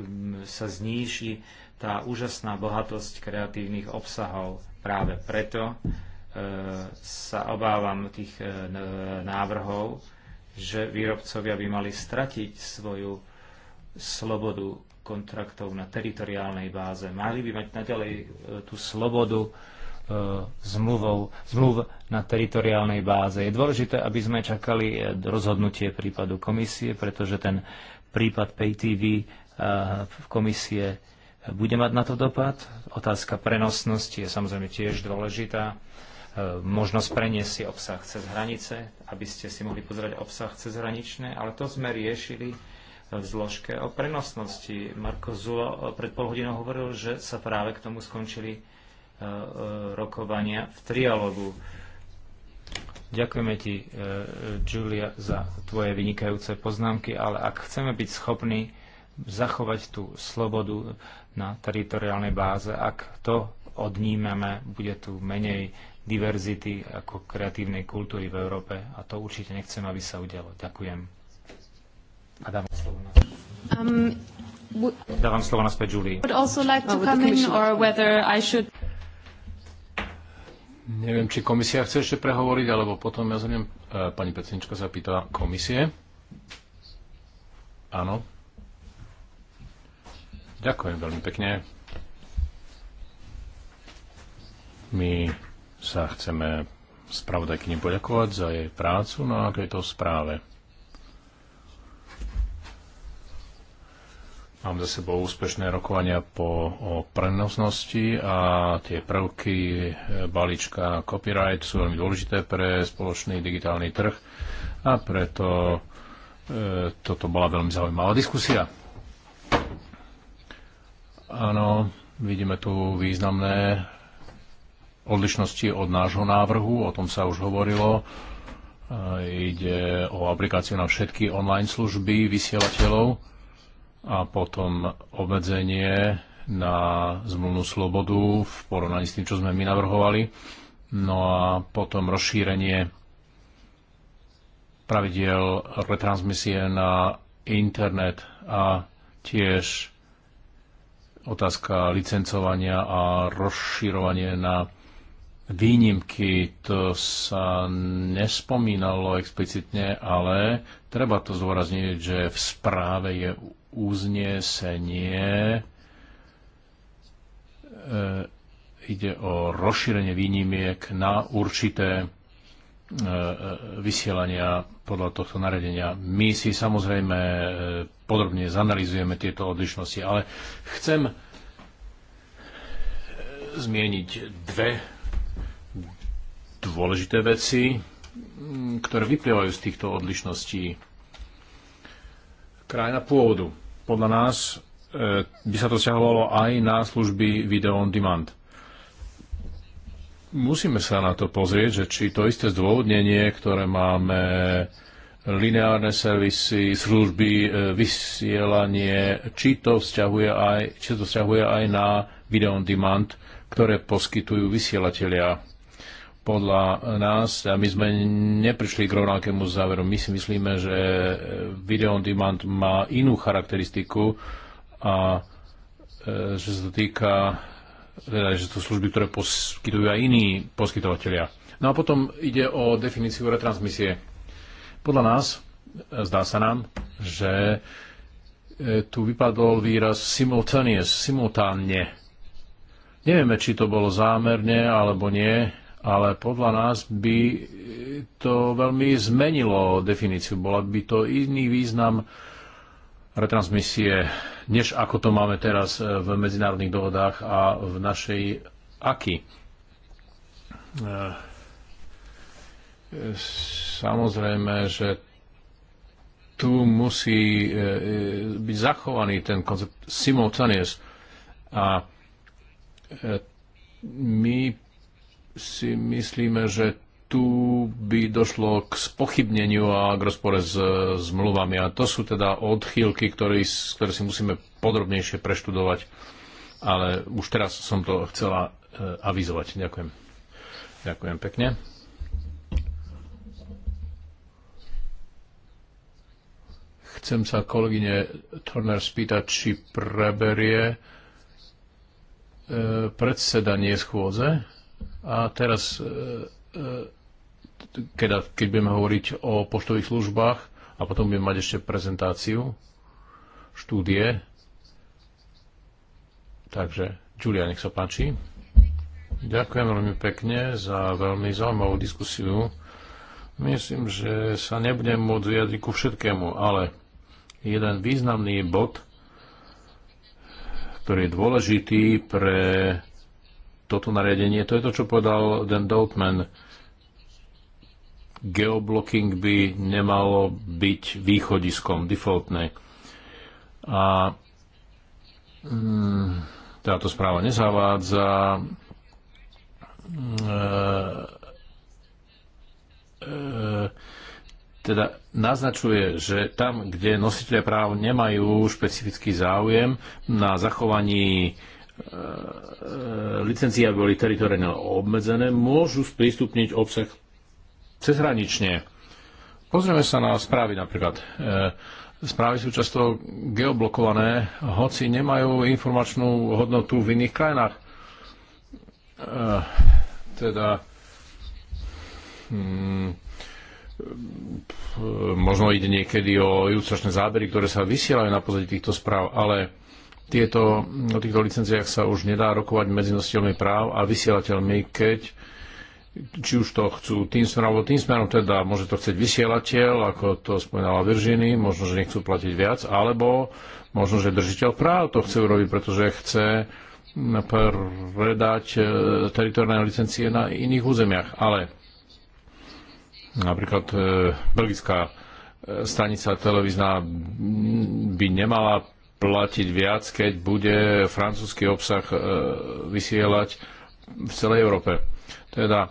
sa zníši tá úžasná bohatosť kreatívnych obsahov. Práve preto e, sa obávam tých e, návrhov, že výrobcovia by mali stratiť svoju slobodu kontraktov na teritoriálnej báze. Mali by mať naďalej e, tú slobodu zmluvou, zmluv na teritoriálnej báze. Je dôležité, aby sme čakali rozhodnutie prípadu komisie, pretože ten prípad PayTV eh, komisie bude mať na to dopad. Otázka prenosnosti je samozrejme tiež dôležitá. Eh, možnosť preniesť si obsah cez hranice, aby ste si mohli pozerať obsah cez hraničné, ale to sme riešili eh, v zložke o prenosnosti. Marko Zulo pred pol hodinou hovoril, že sa práve k tomu skončili rokovania v trialogu Ďakujeme ti, e, Julia, za tvoje vynikajúce poznámky, ale ak chceme byť schopní zachovať tú slobodu na teritoriálnej báze, ak to odnímame, bude tu menej diverzity ako kreatívnej kultúry v Európe a to určite nechcem, aby sa udialo. Ďakujem. A dávam slovo na... Um, Dávam slovo naspäť Julie. Like oh, should... Neviem, či komisia chce ešte prehovoriť, alebo potom ja zrejme pani predsednička sa pýta komisie. Áno. Ďakujem veľmi pekne. My sa chceme spravodajkyni poďakovať za jej prácu na no tejto správe. Mám za sebou úspešné rokovania po, o prenosnosti a tie prvky e, balíčka copyright sú veľmi dôležité pre spoločný digitálny trh a preto e, toto bola veľmi zaujímavá diskusia. Áno, vidíme tu významné odlišnosti od nášho návrhu, o tom sa už hovorilo. E, ide o aplikáciu na všetky online služby vysielateľov a potom obmedzenie na zmluvnú slobodu v porovnaní s tým, čo sme my navrhovali. No a potom rozšírenie pravidiel retransmisie na internet a tiež otázka licencovania a rozširovanie na výnimky. To sa nespomínalo explicitne, ale treba to zdôrazniť, že v správe je uznesenie e, ide o rozšírenie výnimiek na určité e, e, vysielania podľa tohto naredenia. My si samozrejme podrobne zanalizujeme tieto odlišnosti, ale chcem zmieniť dve dôležité veci, ktoré vyplývajú z týchto odlišností krajina pôvodu. Podľa nás e, by sa to vzťahovalo aj na služby video on demand. Musíme sa na to pozrieť, že či to isté zdôvodnenie, ktoré máme lineárne servisy, služby, e, vysielanie, či to vzťahuje aj, či to vzťahuje aj na video on demand, ktoré poskytujú vysielatelia podľa nás, a my sme neprišli k rovnakému záveru. My si myslíme, že video on demand má inú charakteristiku a e, že sa to týka, teda, že to služby, ktoré poskytujú aj iní poskytovateľia. No a potom ide o definíciu retransmisie. Podľa nás, e, zdá sa nám, že e, tu vypadol výraz simultaneous, simultánne. Nevieme, či to bolo zámerne alebo nie, ale podľa nás by to veľmi zmenilo definíciu. Bola by to iný význam retransmisie, než ako to máme teraz eh, v medzinárodných dohodách a v našej AKI. Eh, samozrejme, že tu musí eh, byť zachovaný ten koncept simultaneous a my si myslíme, že tu by došlo k spochybneniu a k rozpore s zmluvami. A to sú teda odchýlky, ktoré, ktoré si musíme podrobnejšie preštudovať. Ale už teraz som to chcela e, avizovať. Ďakujem. Ďakujem pekne. Chcem sa kolegyne Turner spýtať, či preberie e, predsedanie schôdze. A teraz, e, e, teda, keď budeme hovoriť o poštových službách a potom budeme mať ešte prezentáciu štúdie. Takže, Julia, nech sa páči. Ďakujem veľmi pekne za veľmi zaujímavú diskusiu. Myslím, že sa nebudem môcť vyjadriť ku všetkému, ale jeden významný bod, ktorý je dôležitý pre toto nariadenie. To je to, čo povedal Dan Doutman. Geoblocking by nemalo byť východiskom defaultné. A mm, táto správa nezavádza e, e, teda naznačuje, že tam, kde nositeľe práv nemajú špecifický záujem na zachovaní E, e, licencie, aby boli teritoriálne obmedzené, môžu sprístupniť obsah cezhranične. Pozrieme sa na správy napríklad. E, správy sú často geoblokované, hoci nemajú informačnú hodnotu v iných krajinách. Teda hmm, možno ide niekedy o ilustračné zábery, ktoré sa vysielajú na pozadí týchto správ, ale tieto, o týchto licenciách sa už nedá rokovať medzi nositeľmi práv a vysielateľmi, keď či už to chcú tým smerom, alebo tým smerom teda môže to chcieť vysielateľ, ako to spomínala Viržiny, možno, že nechcú platiť viac, alebo možno, že držiteľ práv to chce urobiť, pretože chce predať e, teritoriálne licencie na iných územiach. Ale napríklad e, belgická e, stanica televízna by nemala platiť viac, keď bude francúzsky obsah e, vysielať v celej Európe. Teda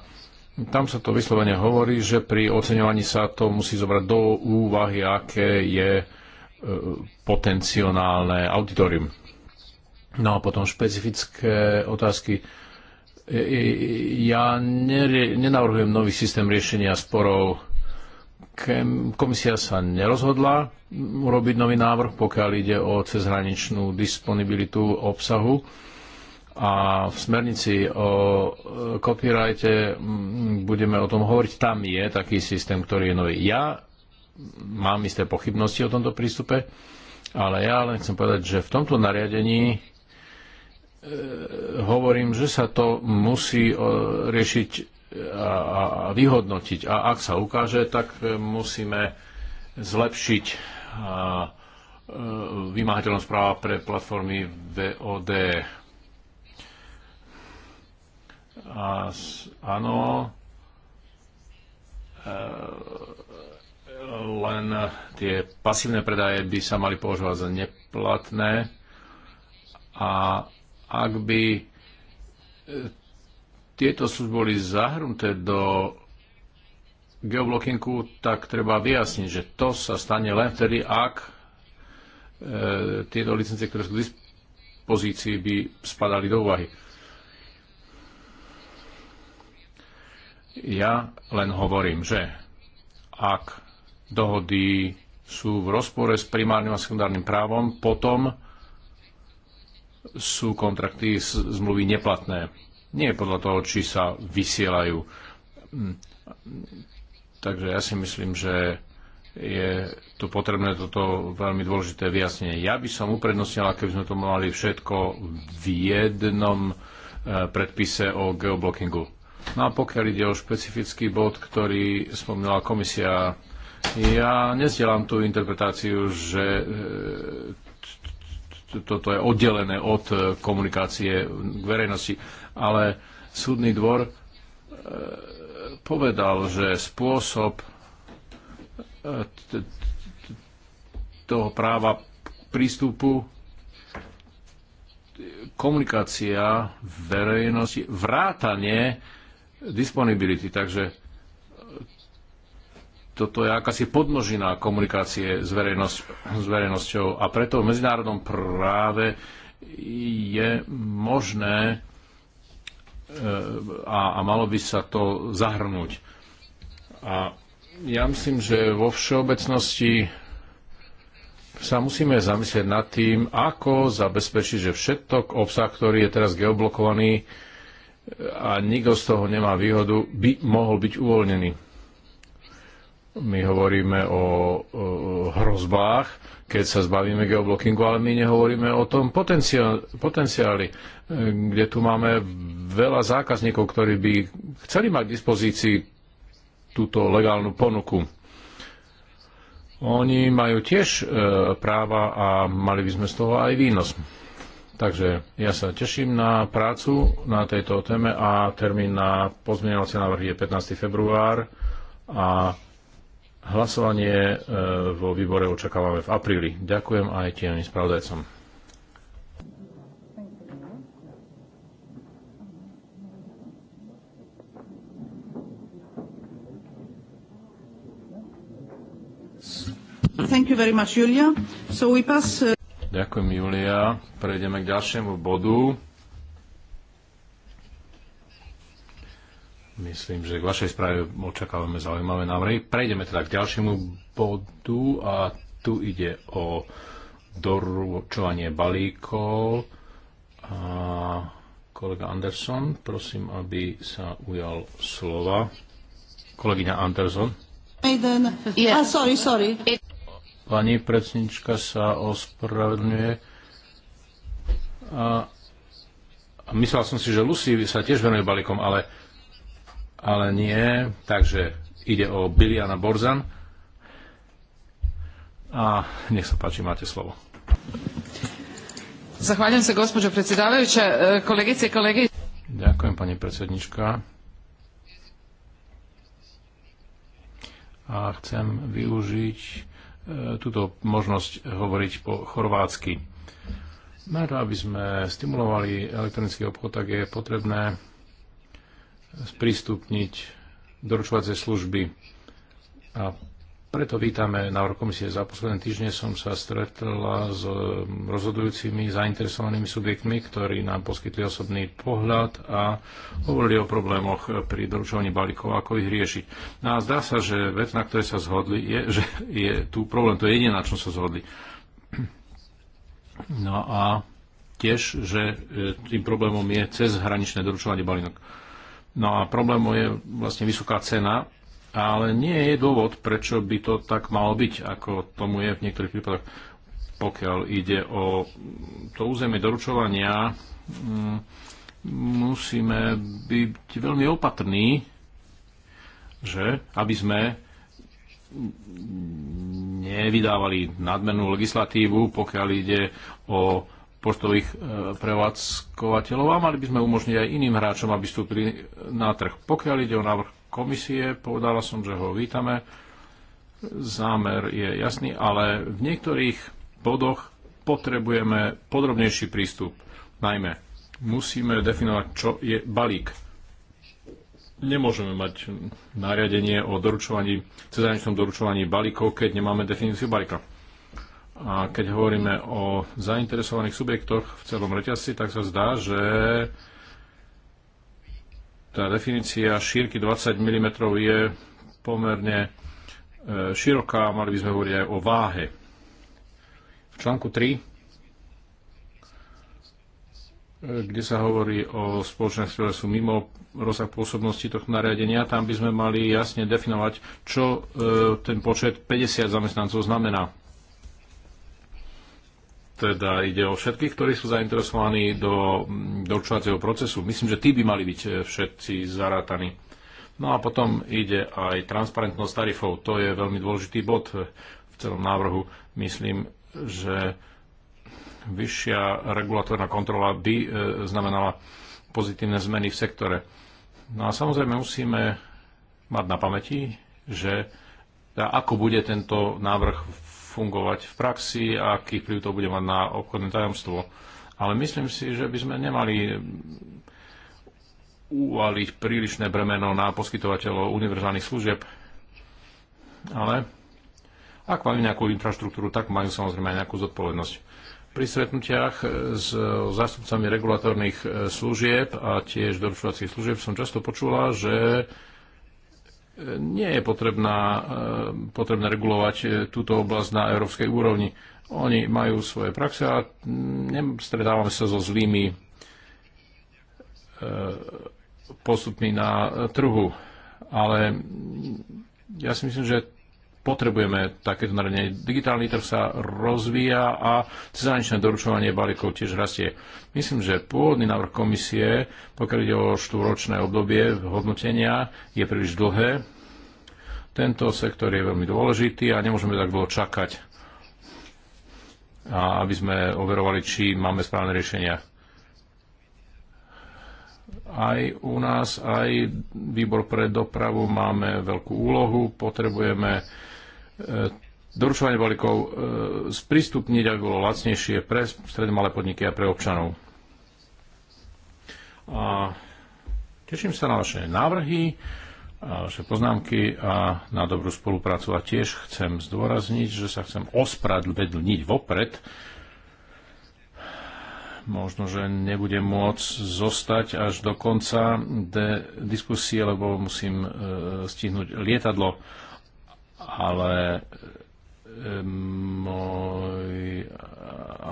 tam sa to vyslovene hovorí, že pri oceňovaní sa to musí zobrať do úvahy, aké je e, potenciálne auditorium. No a potom špecifické otázky. E, ja nenavrhujem nový systém riešenia sporov komisia sa nerozhodla urobiť nový návrh, pokiaľ ide o cezhraničnú disponibilitu obsahu. A v smernici o e, copyrighte budeme o tom hovoriť. Tam je taký systém, ktorý je nový. Ja mám isté pochybnosti o tomto prístupe, ale ja len chcem povedať, že v tomto nariadení e, hovorím, že sa to musí riešiť a, a vyhodnotiť. A ak sa ukáže, tak e, musíme zlepšiť e, vymahateľnosť práva pre platformy VOD. A áno, e, len tie pasívne predaje by sa mali považovať za neplatné a ak by tieto sú boli zahrnuté do geoblockingu, tak treba vyjasniť, že to sa stane len vtedy, ak e, tieto licencie, ktoré sú k dispozícii, by spadali do úvahy. Ja len hovorím, že ak dohody sú v rozpore s primárnym a sekundárnym právom, potom sú kontrakty zmluvy neplatné nie podľa toho, či sa vysielajú. Mm. Takže ja si myslím, že je tu potrebné toto veľmi dôležité vyjasnenie. Ja by som uprednostnil, keby sme to mali všetko v jednom e, predpise o geoblockingu. No a pokiaľ ide o špecifický bod, ktorý spomínala komisia, ja nezdielam tú interpretáciu, že e, toto je oddelené od e, komunikácie k verejnosti ale súdny dvor e, povedal, že spôsob e, toho práva prístupu komunikácia verejnosti, vrátanie disponibility. Takže e, toto je akási podnožina komunikácie s, verejnosť, s verejnosťou a preto v medzinárodnom práve je možné E, a, a malo by sa to zahrnúť. A ja myslím, že vo všeobecnosti sa musíme zamyslieť nad tým, ako zabezpečiť, že všetok obsah, ktorý je teraz geoblokovaný a nikto z toho nemá výhodu, by mohol byť uvoľnený. My hovoríme o, hrozbách, keď sa zbavíme geoblockingu, ale my nehovoríme o tom potenciáli, e, kde tu máme veľa zákazníkov, ktorí by chceli mať k dispozícii túto legálnu ponuku. Oni majú tiež e, práva a mali by sme z toho aj výnos. Takže ja sa teším na prácu na tejto téme a termín na pozmeňovacie návrhy je 15. február a Hlasovanie e, vo výbore očakávame v apríli. Ďakujem aj tieňovým spravodajcom. Thank you very much, Julia. So we pass... Uh, Ďakujem, Julia. Prejdeme k ďalšiemu bodu. Myslím, že k vašej správe očakávame zaujímavé návrhy. Prejdeme teda k ďalšiemu bodu a tu ide o doručovanie balíkov. A kolega Anderson, prosím, aby sa ujal slova. Kolegyňa Anderson. Ah, sorry, sorry. Pani predsnička sa ospravedlňuje. A myslel som si, že Lucy sa tiež venuje balíkom, ale ale nie. Takže ide o Biliana Borzan. A nech sa páči, máte slovo. Zahvaľujem sa, gospođo predsedávajúča, e, kolegice kolegy. Ďakujem, pani predsednička. A chcem využiť e, túto možnosť hovoriť po chorvátsky. Na to, aby sme stimulovali elektronický obchod, tak je potrebné sprístupniť doručovacie služby. A preto vítame návrh komisie. Za posledné týždne som sa stretla s e, rozhodujúcimi zainteresovanými subjektmi, ktorí nám poskytli osobný pohľad a hovorili o problémoch e, pri doručovaní balíkov, ako ich riešiť. No a zdá sa, že vec, na ktorej sa zhodli, je, že je tu problém. To je jediné, na čom sa zhodli. No a tiež, že e, tým problémom je cezhraničné doručovanie balíkov. No a problémom je vlastne vysoká cena, ale nie je dôvod, prečo by to tak malo byť, ako tomu je v niektorých prípadoch. Pokiaľ ide o to územie doručovania, mm, musíme byť veľmi opatrní, že aby sme nevydávali nadmernú legislatívu, pokiaľ ide o poštových e, prevádzkovateľov a mali by sme umožniť aj iným hráčom, aby vstúpili na trh. Pokiaľ ide o návrh komisie, povedala som, že ho vítame. Zámer je jasný, ale v niektorých bodoch potrebujeme podrobnejší prístup. Najmä musíme definovať, čo je balík. Nemôžeme mať nariadenie o doručovaní, cezhraničnom doručovaní balíkov, keď nemáme definíciu balíka. A keď hovoríme o zainteresovaných subjektoch v celom reťazci, tak sa zdá, že tá definícia šírky 20 mm je pomerne e, široká, mali by sme hovoriť aj o váhe. V článku 3, e, kde sa hovorí o spoločných ktoré sú mimo rozsah pôsobnosti tohto nariadenia, tam by sme mali jasne definovať, čo e, ten počet 50 zamestnancov znamená teda ide o všetkých, ktorí sú zainteresovaní do doručovacieho procesu. Myslím, že tí by mali byť e, všetci zarátaní. No a potom ide aj transparentnosť tarifov. To je veľmi dôležitý bod e, v celom návrhu. Myslím, že vyššia regulatórna kontrola by e, znamenala pozitívne zmeny v sektore. No a samozrejme musíme mať na pamäti, že ako bude tento návrh fungovať v praxi a aký vplyv to bude mať na obchodné tajomstvo. Ale myslím si, že by sme nemali uvaliť prílišné bremeno na poskytovateľov univerzálnych služieb. Ale ak majú nejakú infraštruktúru, tak majú samozrejme aj nejakú zodpovednosť. Pri stretnutiach s zástupcami regulatórnych e, služieb a tiež doručovacích služieb som často počula, že nie je potrebná, e, potrebné regulovať e, túto oblasť na európskej úrovni. Oni majú svoje praxe a mm, stretávame sa so zlými e, postupmi na trhu. Ale mm, ja si myslím, že potrebujeme takéto nariadenie. Digitálny trh sa rozvíja a cezhraničné doručovanie balíkov tiež rastie. Myslím, že pôvodný návrh komisie, pokiaľ ide o štúročné obdobie hodnotenia, je príliš dlhé. Tento sektor je veľmi dôležitý a nemôžeme tak dlho čakať, aby sme overovali, či máme správne riešenia aj u nás, aj výbor pre dopravu máme veľkú úlohu, potrebujeme E, doručovanie balíkov e, sprístupniť, aby bolo lacnejšie pre stredné malé podniky a pre občanov. A teším sa na vaše návrhy, a vaše poznámky a na dobrú spoluprácu. A tiež chcem zdôrazniť, že sa chcem ospravedlniť vopred. Možno, že nebudem môcť zostať až do konca de- diskusie, lebo musím e, stihnúť lietadlo ale e, e, môj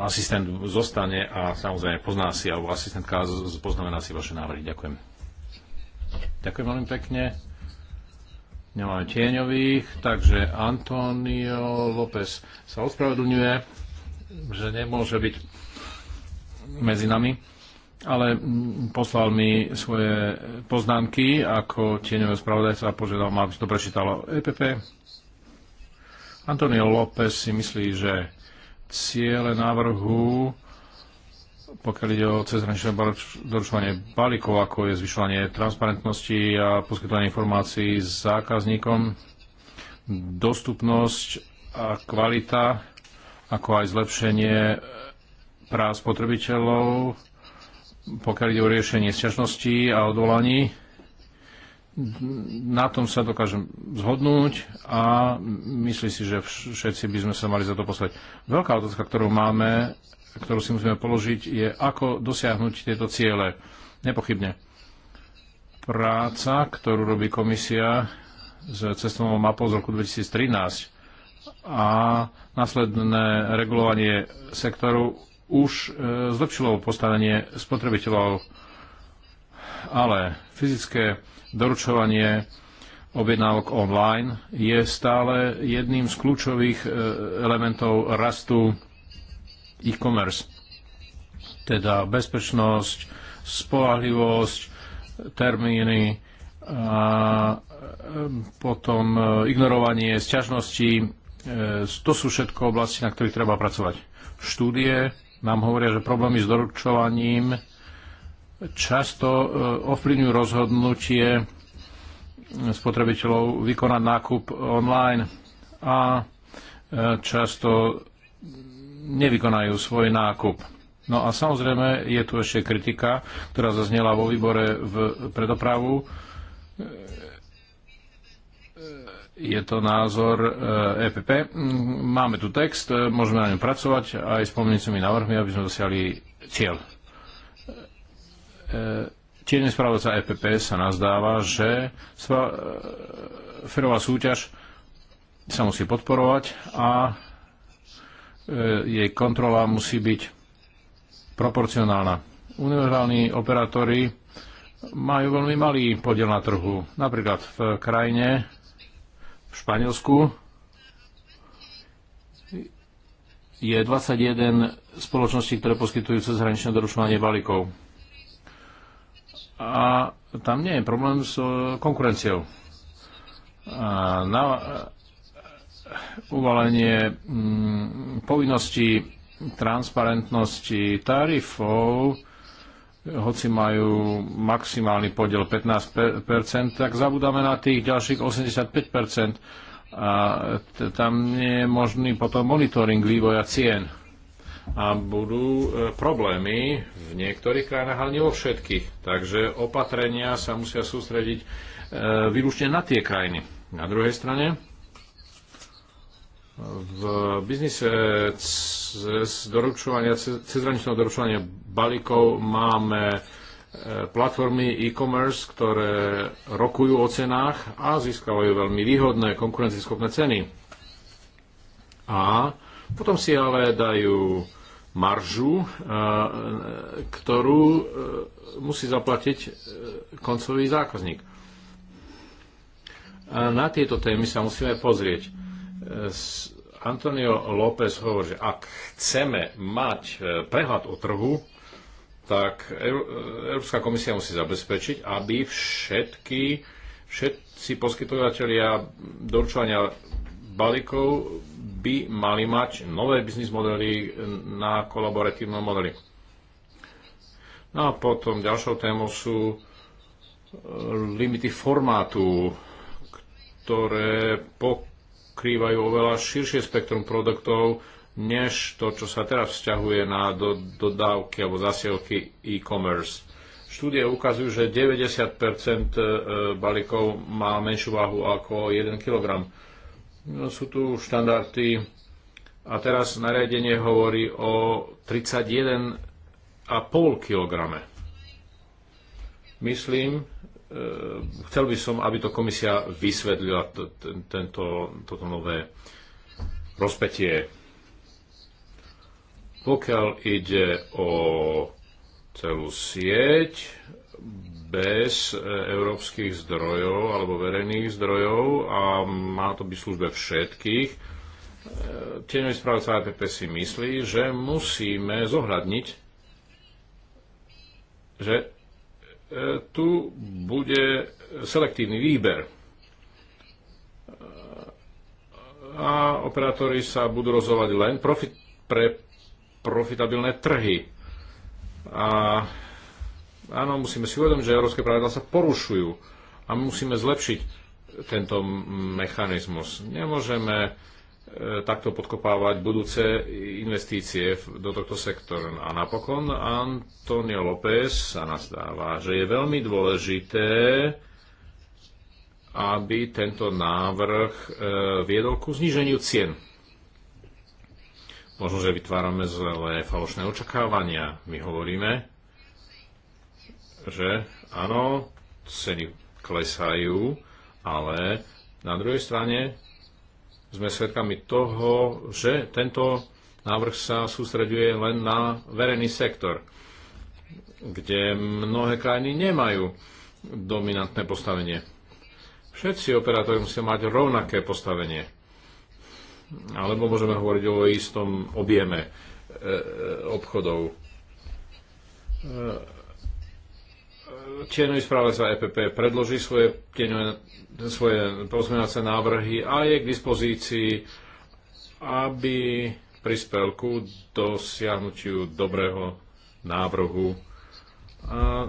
asistent zostane a samozrejme pozná si, alebo asistentka poznamená si vaše návrhy. Ďakujem. Ďakujem veľmi pekne. Nemáme tieňových, takže Antonio López sa ospravedlňuje, že nemôže byť medzi nami, ale poslal mi svoje poznámky ako tieňové spravodajca a požiadal ma, aby to prečítalo EPP. Antonio López si myslí, že ciele návrhu, pokiaľ ide o cezhraničné doručovanie balíkov, ako je zvyšovanie transparentnosti a poskytovanie informácií s zákazníkom, dostupnosť a kvalita, ako aj zlepšenie práv spotrebiteľov, pokiaľ ide o riešenie sťažností a odvolaní, na tom sa dokážem zhodnúť a myslím si, že všetci by sme sa mali za to poslať. Veľká otázka, ktorú máme, ktorú si musíme položiť, je, ako dosiahnuť tieto ciele. Nepochybne. Práca, ktorú robí komisia s cestovnou mapou z roku 2013 a následné regulovanie sektoru už e, zlepšilo postavenie spotrebiteľov, ale fyzické doručovanie objednávok online je stále jedným z kľúčových e, elementov rastu e-commerce. Teda bezpečnosť, spolahlivosť, termíny a e, potom e, ignorovanie sťažností. To sú všetko oblasti, na ktorých treba pracovať. Štúdie nám hovoria, že problémy s doručovaním často e, ovplyvňujú rozhodnutie spotrebiteľov vykonať nákup online a e, často nevykonajú svoj nákup. No a samozrejme je tu ešte kritika, ktorá zaznela vo výbore v, predopravu. E, je to názor EPP. Máme tu text, môžeme na ňom pracovať aj s pomnicami návrhmi, aby sme dosiahli cieľ. E, tiež správca EPP sa nazdáva, že e, ferová súťaž sa musí podporovať a e, jej kontrola musí byť proporcionálna. Univerzálni operátori majú veľmi malý podiel na trhu. Napríklad v krajine, v Španielsku, je 21 spoločností, ktoré poskytujú cezhraničné doručovanie balíkov a tam nie je problém s eh, konkurenciou. A na eh, uvalenie mm, povinností transparentnosti tarifov, hoci majú maximálny podiel 15%, tak zabudáme na tých ďalších 85% a tam nie je možný potom monitoring vývoja cien a budú e, problémy v niektorých krajinách, ale nie vo všetkých. Takže opatrenia sa musia sústrediť e, výlučne na tie krajiny. Na druhej strane, v biznise cez doručovania, cezhraničného doručovania balíkov máme e, platformy e-commerce, ktoré rokujú o cenách a získavajú veľmi výhodné konkurencieschopné ceny. A potom si ale dajú maržu, e, ktorú e, musí zaplatiť e, koncový zákazník. Na tieto témy sa musíme pozrieť. Antonio López hovorí, že ak chceme mať prehľad o trhu, tak Európska komisia musí zabezpečiť, aby všetky, všetci poskytovateľia doručovania balíkov by mali mať nové biznis modely na kolaboratívnom modeli. No a potom ďalšou témou sú eh, limity formátu, ktoré pokrývajú oveľa širšie spektrum produktov, než to, čo sa teraz vzťahuje na do, dodávky alebo zasielky e-commerce. Štúdie ukazujú, že 90 eh, balíkov má menšiu váhu ako 1 kg. No, sú tu štandardy a teraz nariadenie hovorí o 31,5 kg. Myslím, e, chcel by som, aby to komisia vysvedlila tento, toto nové rozpetie. Pokiaľ ide o celú sieť bez e, európskych zdrojov alebo verejných zdrojov a má to byť službe všetkých. E, Tieňový správca APP si myslí, že musíme zohľadniť, že e, tu bude selektívny výber a operátori sa budú rozhovať len profi- pre profitabilné trhy a áno, musíme si uvedomiť, že európske pravidlá sa porušujú a musíme zlepšiť tento mechanizmus. Nemôžeme e, takto podkopávať budúce investície do tohto sektora. A napokon Antonio López sa nazdáva, že je veľmi dôležité, aby tento návrh e, viedol ku zníženiu cien. Možno, že vytvárame zlé falošné očakávania. My hovoríme, že áno, ceny klesajú, ale na druhej strane sme svedkami toho, že tento návrh sa sústreďuje len na verejný sektor, kde mnohé krajiny nemajú dominantné postavenie. Všetci operátori musia mať rovnaké postavenie alebo môžeme hovoriť o istom objeme e, e, obchodov. Tieňový e, správe za EPP predloží svoje, tieňové, svoje pozmeňovacie návrhy a je k dispozícii, aby prispel ku dosiahnutiu dobrého návrhu. A e,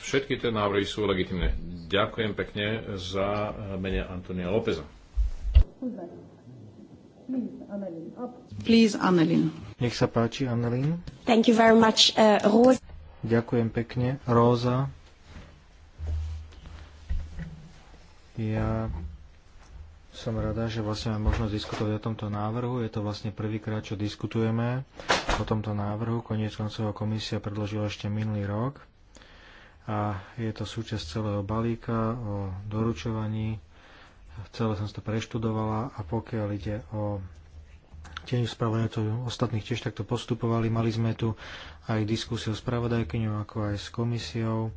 všetky tie návrhy sú legitimné. Ďakujem pekne za mene Antonia Lópeza. Ďakujem. Please, Nech sa páči, Annelien. Thank you very much, uh, Rosa. Ďakujem pekne. Róza. Ja som rada, že vlastne máme možnosť diskutovať o tomto návrhu. Je to vlastne prvýkrát, čo diskutujeme o tomto návrhu. Koniec koncová komisia predložila ešte minulý rok. A je to súčasť celého balíka o doručovaní celé som si to preštudovala a pokiaľ ide o tiež spravodajcov, ostatných tiež takto postupovali. Mali sme tu aj diskusiu s pravodajkyňou, ako aj s komisiou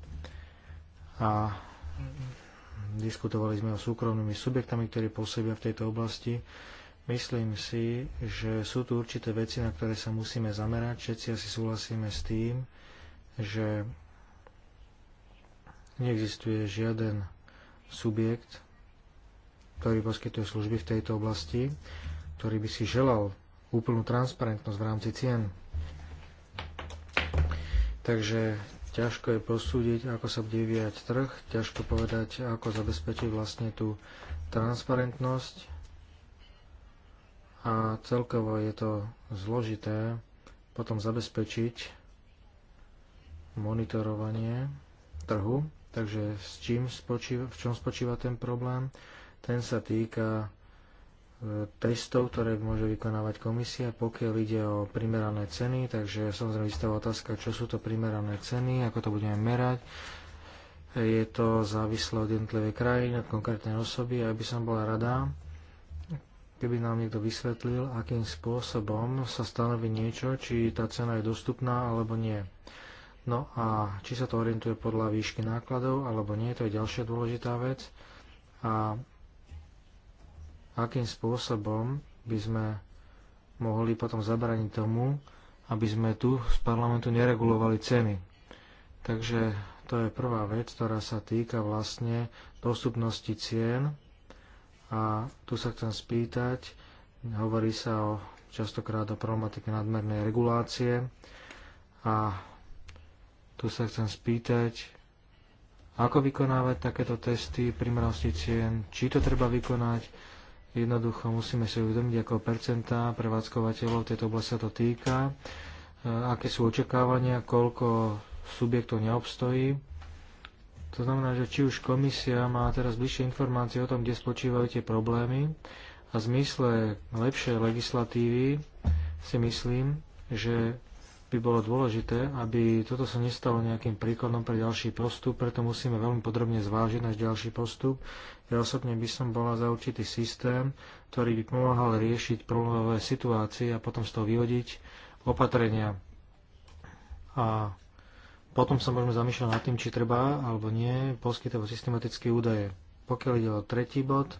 a diskutovali sme o súkromnými subjektami, ktorí pôsobia v tejto oblasti. Myslím si, že sú tu určité veci, na ktoré sa musíme zamerať. Všetci asi súhlasíme s tým, že neexistuje žiaden subjekt, ktorý poskytuje služby v tejto oblasti, ktorý by si želal úplnú transparentnosť v rámci cien. Takže ťažko je posúdiť, ako sa bude vyvíjať trh, ťažko povedať, ako zabezpečiť vlastne tú transparentnosť a celkovo je to zložité potom zabezpečiť monitorovanie trhu, takže s čím spočíva, v čom spočíva ten problém. Ten sa týka e, testov, ktoré môže vykonávať komisia, pokiaľ ide o primerané ceny, takže samozrejme istá otázka, čo sú to primerané ceny, ako to budeme merať. Je to závislo od jednotlivej krajiny, od konkrétnej osoby a ja by som bola rada, keby nám niekto vysvetlil, akým spôsobom sa stanoví niečo, či tá cena je dostupná alebo nie. No a či sa to orientuje podľa výšky nákladov alebo nie, to je ďalšia dôležitá vec. A akým spôsobom by sme mohli potom zabraniť tomu, aby sme tu z parlamentu neregulovali ceny. Takže to je prvá vec, ktorá sa týka vlastne dostupnosti cien. A tu sa chcem spýtať, hovorí sa o, častokrát o problematike nadmernej regulácie. A tu sa chcem spýtať, ako vykonávať takéto testy primeranosti cien, či to treba vykonať, Jednoducho musíme si uvedomiť, ako percentá prevádzkovateľov v tejto oblasti sa to týka, e, aké sú očakávania, koľko subjektov neobstojí. To znamená, že či už komisia má teraz bližšie informácie o tom, kde spočívajú tie problémy a v zmysle lepšej legislatívy si myslím, že by bolo dôležité, aby toto sa nestalo nejakým príkladom pre ďalší postup, preto musíme veľmi podrobne zvážiť náš ďalší postup. Ja osobne by som bola za určitý systém, ktorý by pomáhal riešiť problémové situácie a potom z toho vyhodiť opatrenia. A potom sa môžeme zamýšľať nad tým, či treba alebo nie poskytovať systematické údaje. Pokiaľ ide o tretí bod,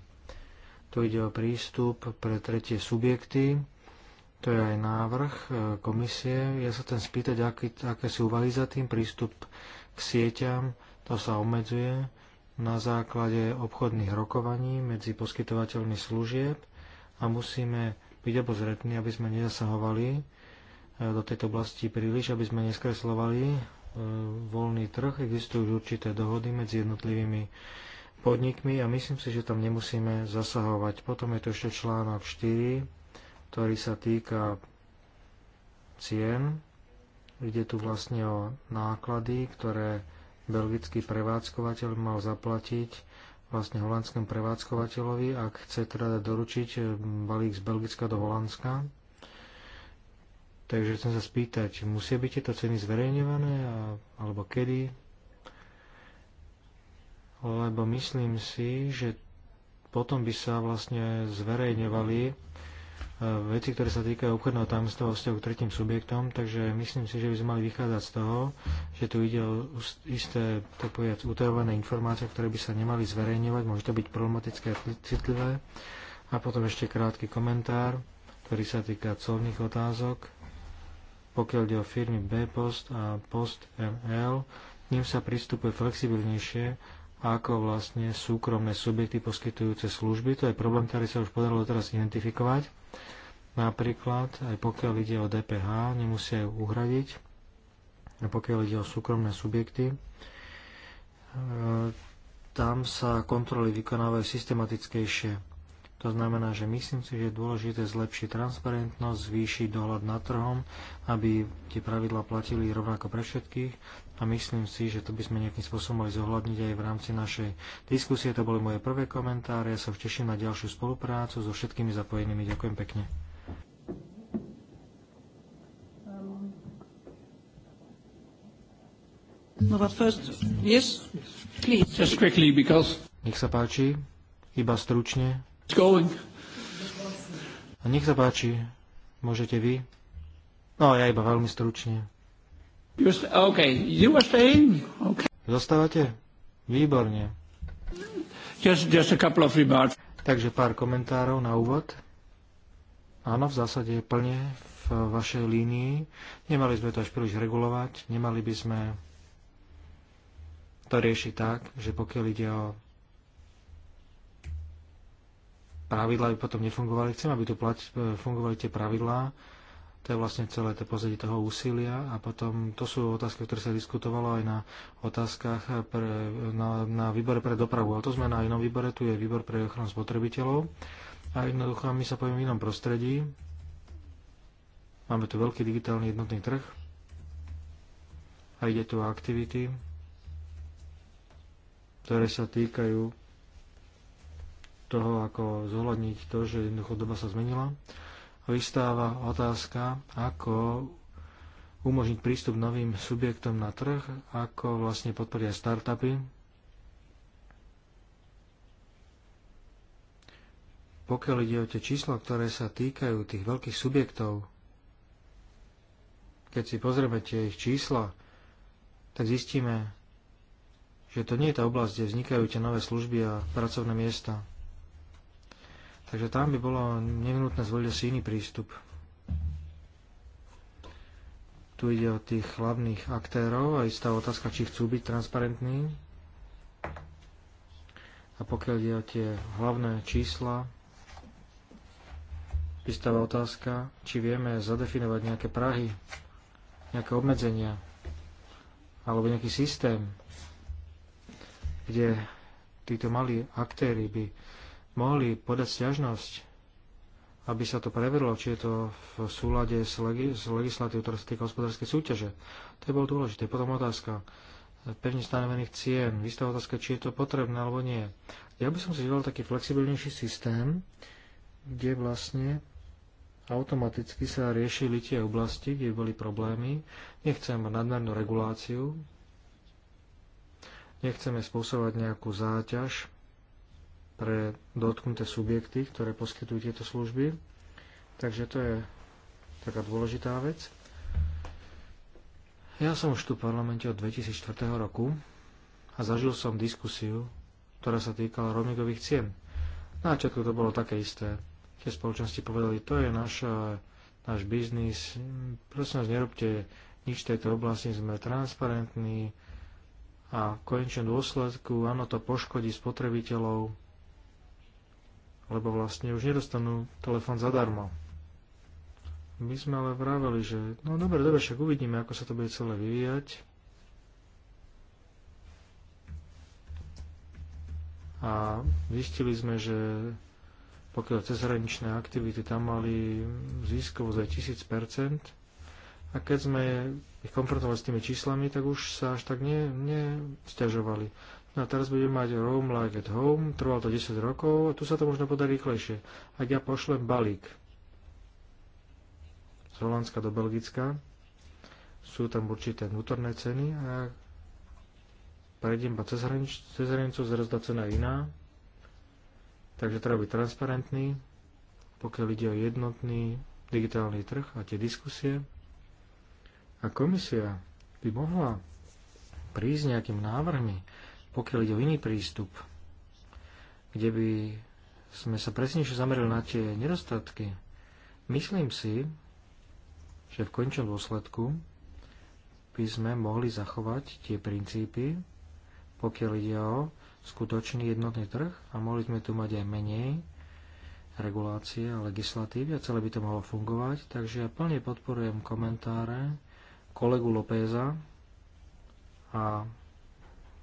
tu ide o prístup pre tretie subjekty, to je aj návrh e, komisie. Ja sa ten spýtať, aký, aké sú úvahy za tým prístup k sieťam. To sa obmedzuje na základe obchodných rokovaní medzi poskytovateľmi služieb a musíme byť obozretní, aby sme nezasahovali e, do tejto oblasti príliš, aby sme neskreslovali e, voľný trh. Existujú určité dohody medzi jednotlivými podnikmi a myslím si, že tam nemusíme zasahovať. Potom je to ešte článok 4 ktorý sa týka cien. Ide tu vlastne o náklady, ktoré belgický prevádzkovateľ mal zaplatiť vlastne holandskému prevádzkovateľovi, ak chce teda doručiť eh, balík z Belgicka do Holandska. Takže chcem sa spýtať, musia byť tieto ceny zverejňované a, alebo kedy? Lebo myslím si, že potom by sa vlastne zverejňovali E, veci, ktoré sa týkajú obchodného tajomstva o vzťahu k tretím subjektom, takže myslím si, že by sme mali vychádzať z toho, že tu ide o isté, tak povedať, utajované informácie, ktoré by sa nemali zverejňovať, môže to byť problematické a citlivé. A potom ešte krátky komentár, ktorý sa týka colných otázok, pokiaľ ide o firmy B-Post a Post ML, k ním sa pristupuje flexibilnejšie ako vlastne súkromné subjekty poskytujúce služby. To je problém, ktorý sa už podarilo teraz identifikovať Napríklad, aj pokiaľ ide o DPH, nemusia ju uhradiť. A pokiaľ ide o súkromné subjekty, e, tam sa kontroly vykonávajú systematickejšie. To znamená, že myslím si, že je dôležité zlepšiť transparentnosť, zvýšiť dohľad nad trhom, aby tie pravidlá platili rovnako pre všetkých a myslím si, že to by sme nejakým spôsobom mali zohľadniť aj v rámci našej diskusie. To boli moje prvé komentáre, ja sa už teším na ďalšiu spoluprácu so všetkými zapojenými. Ďakujem pekne. No, but first, yes, please. Just quickly, because... Nech sa páči, iba stručne. It's going. A nech sa páči, môžete vy. No, ja iba veľmi stručne. You okay. You are staying? Okay. Zostávate? Výborne. Just, just a couple of remarks. Takže pár komentárov na úvod. Áno, v zásade je plne v vašej línii. Nemali sme to až príliš regulovať, nemali by sme to rieši tak, že pokiaľ ide o pravidlá by potom nefungovali. Chcem, aby tu plat, e, fungovali tie pravidlá. To je vlastne celé to pozadie toho úsilia. A potom to sú otázky, ktoré sa diskutovalo aj na otázkach pre, na, na výbore pre dopravu. Ale to sme na inom výbore, tu je výbor pre ochranu spotrebiteľov. A jednoducho my sa poviem v inom prostredí. Máme tu veľký digitálny jednotný trh. A ide tu o aktivity, ktoré sa týkajú toho, ako zohľadniť to, že jednoducho doba sa zmenila. Vystáva otázka, ako umožniť prístup novým subjektom na trh, ako vlastne podporia startupy. Pokiaľ ide o tie čísla, ktoré sa týkajú tých veľkých subjektov, keď si pozrieme tie ich čísla, tak zistíme, že to nie je tá oblasť, kde vznikajú tie nové služby a pracovné miesta. Takže tam by bolo nevinutné zvoliť asi iný prístup. Tu ide o tých hlavných aktérov a istá otázka, či chcú byť transparentní. A pokiaľ ide o tie hlavné čísla, vystáva otázka, či vieme zadefinovať nejaké prahy, nejaké obmedzenia alebo nejaký systém, kde títo malí aktéry by mohli podať stiažnosť, aby sa to preverilo, či je to v súlade s, legi- s legislatívou, ktorá sa týka hospodárskej súťaže. To je bolo dôležité. Potom otázka pevne stanovených cien. Istá otázka, či je to potrebné alebo nie. Ja by som si vyvolal taký flexibilnejší systém, kde vlastne automaticky sa riešili tie oblasti, kde boli problémy. Nechcem nadmernú reguláciu, Nechceme spôsobovať nejakú záťaž pre dotknuté subjekty, ktoré poskytujú tieto služby. Takže to je taká dôležitá vec. Ja som už tu v parlamente od 2004 roku a zažil som diskusiu, ktorá sa týkala roamingových cien. Na začiatku to bolo také isté. Tie spoločnosti povedali, to je naša, e, náš biznis, prosím vás, nerobte nič v tejto oblasti, sme transparentní, a v konečnom dôsledku, áno, to poškodí spotrebiteľov, lebo vlastne už nedostanú telefón zadarmo. My sme ale vraveli, že no dobre, dobre, však uvidíme, ako sa to bude celé vyvíjať. A zistili sme, že pokiaľ cezhraničné aktivity tam mali získovosť aj 1000%, a keď sme ich konfrontovali s tými číslami, tak už sa až tak ne, No a teraz budeme mať Roam Like at Home, trvalo to 10 rokov a tu sa to možno podarí rýchlejšie. Ak ja pošlem balík z Holandska do Belgicka, sú tam určité vnútorné ceny a prejdem iba cez, hranic, cez hranicu, zrazu tá cena iná, takže treba byť transparentný, pokiaľ ide o jednotný digitálny trh a tie diskusie. A komisia by mohla prísť nejakým návrhmi, pokiaľ ide o iný prístup, kde by sme sa presnejšie zamerali na tie nedostatky. Myslím si, že v končnom dôsledku by sme mohli zachovať tie princípy, pokiaľ ide o skutočný jednotný trh a mohli sme tu mať aj menej regulácie a legislatívy a celé by to mohlo fungovať, takže ja plne podporujem komentáre kolegu Lopéza a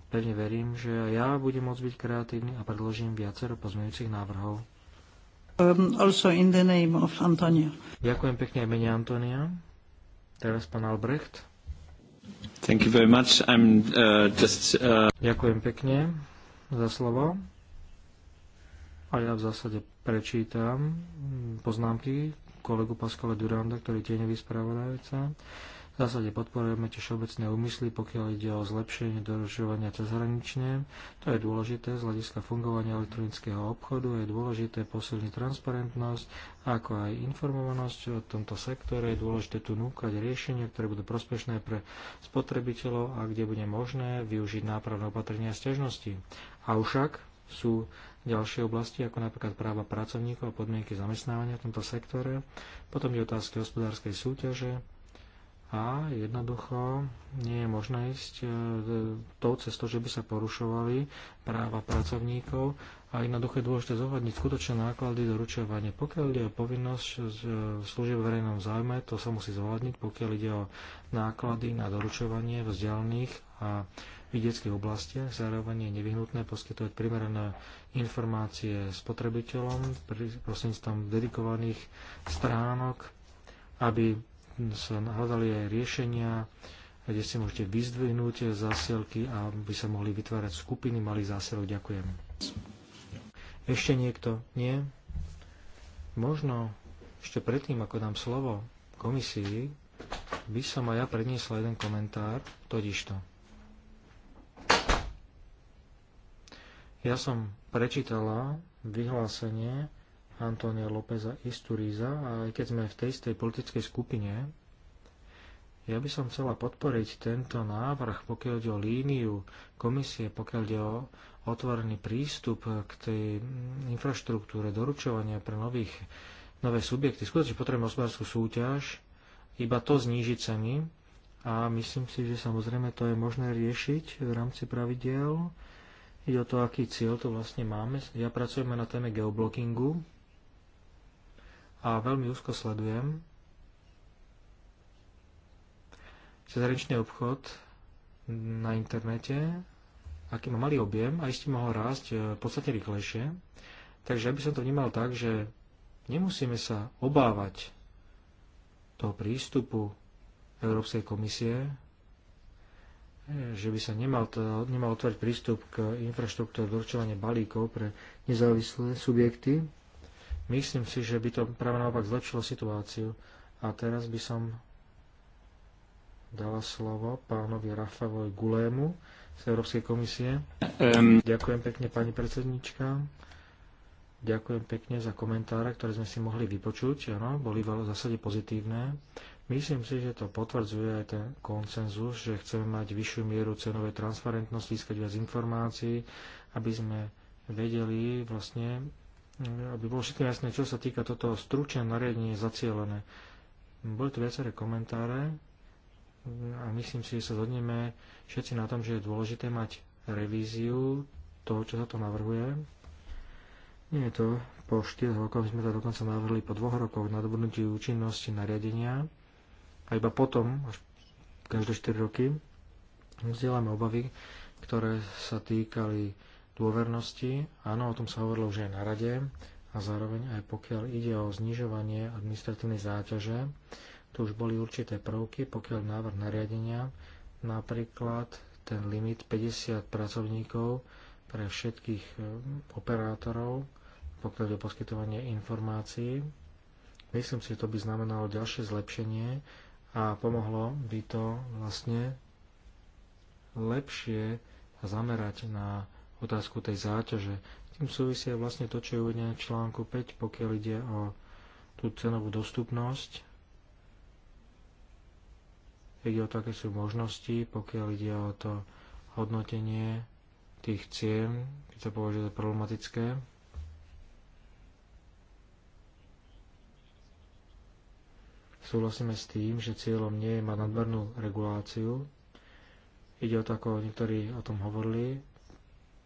pevne verím, že aj ja budem môcť byť kreatívny a predložím viacero pozmeňujúcich návrhov. Um, also in the name of Antonio. Ďakujem pekne aj mene Antonia. Teraz pán Albrecht. Thank you very much. I'm, uh, just, uh... Ďakujem pekne za slovo. A ja v zásade prečítam poznámky kolegu Paskala Duranda, ktorý je tieňový spravodajca. Uh, v zásade podporujeme tiež obecné úmysly, pokiaľ ide o zlepšenie doručovania cezhranične. To je dôležité z hľadiska fungovania elektronického obchodu, je dôležité posilniť transparentnosť, ako aj informovanosť o tomto sektore. Je dôležité tu núkať riešenia, ktoré budú prospešné pre spotrebiteľov a kde bude možné využiť nápravné opatrenia a stiažnosti. Avšak sú ďalšie oblasti, ako napríklad práva pracovníkov a podmienky zamestnávania v tomto sektore, potom je otázky hospodárskej súťaže, a jednoducho nie je možné ísť e, tou cestou, že by sa porušovali práva pracovníkov a jednoducho je dôležité zohľadniť skutočné náklady doručovania. Pokiaľ ide o povinnosť e, služieb v verejnom záujme, to sa musí zohľadniť, pokiaľ ide o náklady na doručovanie v vzdialených a vidieckých oblastiach. Zároveň je nevyhnutné poskytovať primerané informácie spotrebiteľom prostredníctvom dedikovaných stránok, aby sa hľadali aj riešenia, kde si môžete vyzdvihnúť zásielky a by sa mohli vytvárať skupiny malých zásielok. Ďakujem. Ešte niekto? Nie? Možno ešte predtým, ako dám slovo komisii, by som aj ja predniesla jeden komentár, totižto. Ja som prečítala vyhlásenie Antonia Lópeza Isturíza a aj keď sme v tej istej politickej skupine, ja by som chcela podporiť tento návrh, pokiaľ ide o líniu komisie, pokiaľ ide o otvorený prístup k tej infraštruktúre doručovania pre nových, nové subjekty. Skutočne potrebujeme hospodárskú súťaž, iba to znížiť ceny a myslím si, že samozrejme to je možné riešiť v rámci pravidel. Ide o to, aký cieľ to vlastne máme. Ja pracujeme na téme geoblockingu, a veľmi úzko sledujem cezhraničný obchod na internete, aký má malý objem a ešte mohol rásť e, podstate rýchlejšie. Takže ja by som to vnímal tak, že nemusíme sa obávať toho prístupu Európskej komisie, e, že by sa nemal, nemal otvoriť prístup k infraštruktúre doručovania balíkov pre nezávislé subjekty, Myslím si, že by to práve naopak zlepšilo situáciu. A teraz by som dala slovo pánovi Rafavovi Gulému z Európskej komisie. Um. Ďakujem pekne, pani predsednička. Ďakujem pekne za komentáre, ktoré sme si mohli vypočuť. Ano, boli v zásade pozitívne. Myslím si, že to potvrdzuje aj ten konsenzus, že chceme mať vyššiu mieru cenovej transparentnosti, získať viac informácií, aby sme vedeli vlastne aby bolo všetko jasné, čo sa týka toto stručné nariadenie zacielené. Boli tu viaceré komentáre a myslím si, že sa zhodneme všetci na tom, že je dôležité mať revíziu toho, čo sa to navrhuje. Nie je to po 4 rokoch, sme to dokonca navrhli po 2 rokoch na dobrnutí účinnosti nariadenia a iba potom, až každé 4 roky, vzdielame obavy, ktoré sa týkali dôvernosti, áno, o tom sa hovorilo už aj na rade, a zároveň aj pokiaľ ide o znižovanie administratívnej záťaže, tu už boli určité prvky, pokiaľ návrh nariadenia, napríklad ten limit 50 pracovníkov pre všetkých e, operátorov, pokiaľ je o poskytovanie informácií. Myslím si, že to by znamenalo ďalšie zlepšenie a pomohlo by to vlastne lepšie zamerať na otázku tej záťaže. Tým súvisia vlastne to, čo je uvedené v článku 5, pokiaľ ide o tú cenovú dostupnosť. Ide o to, aké sú možnosti, pokiaľ ide o to hodnotenie tých cien, keď sa považuje za problematické. Súhlasíme s tým, že cieľom nie je mať nadmernú reguláciu. Ide o to, ako niektorí o tom hovorili,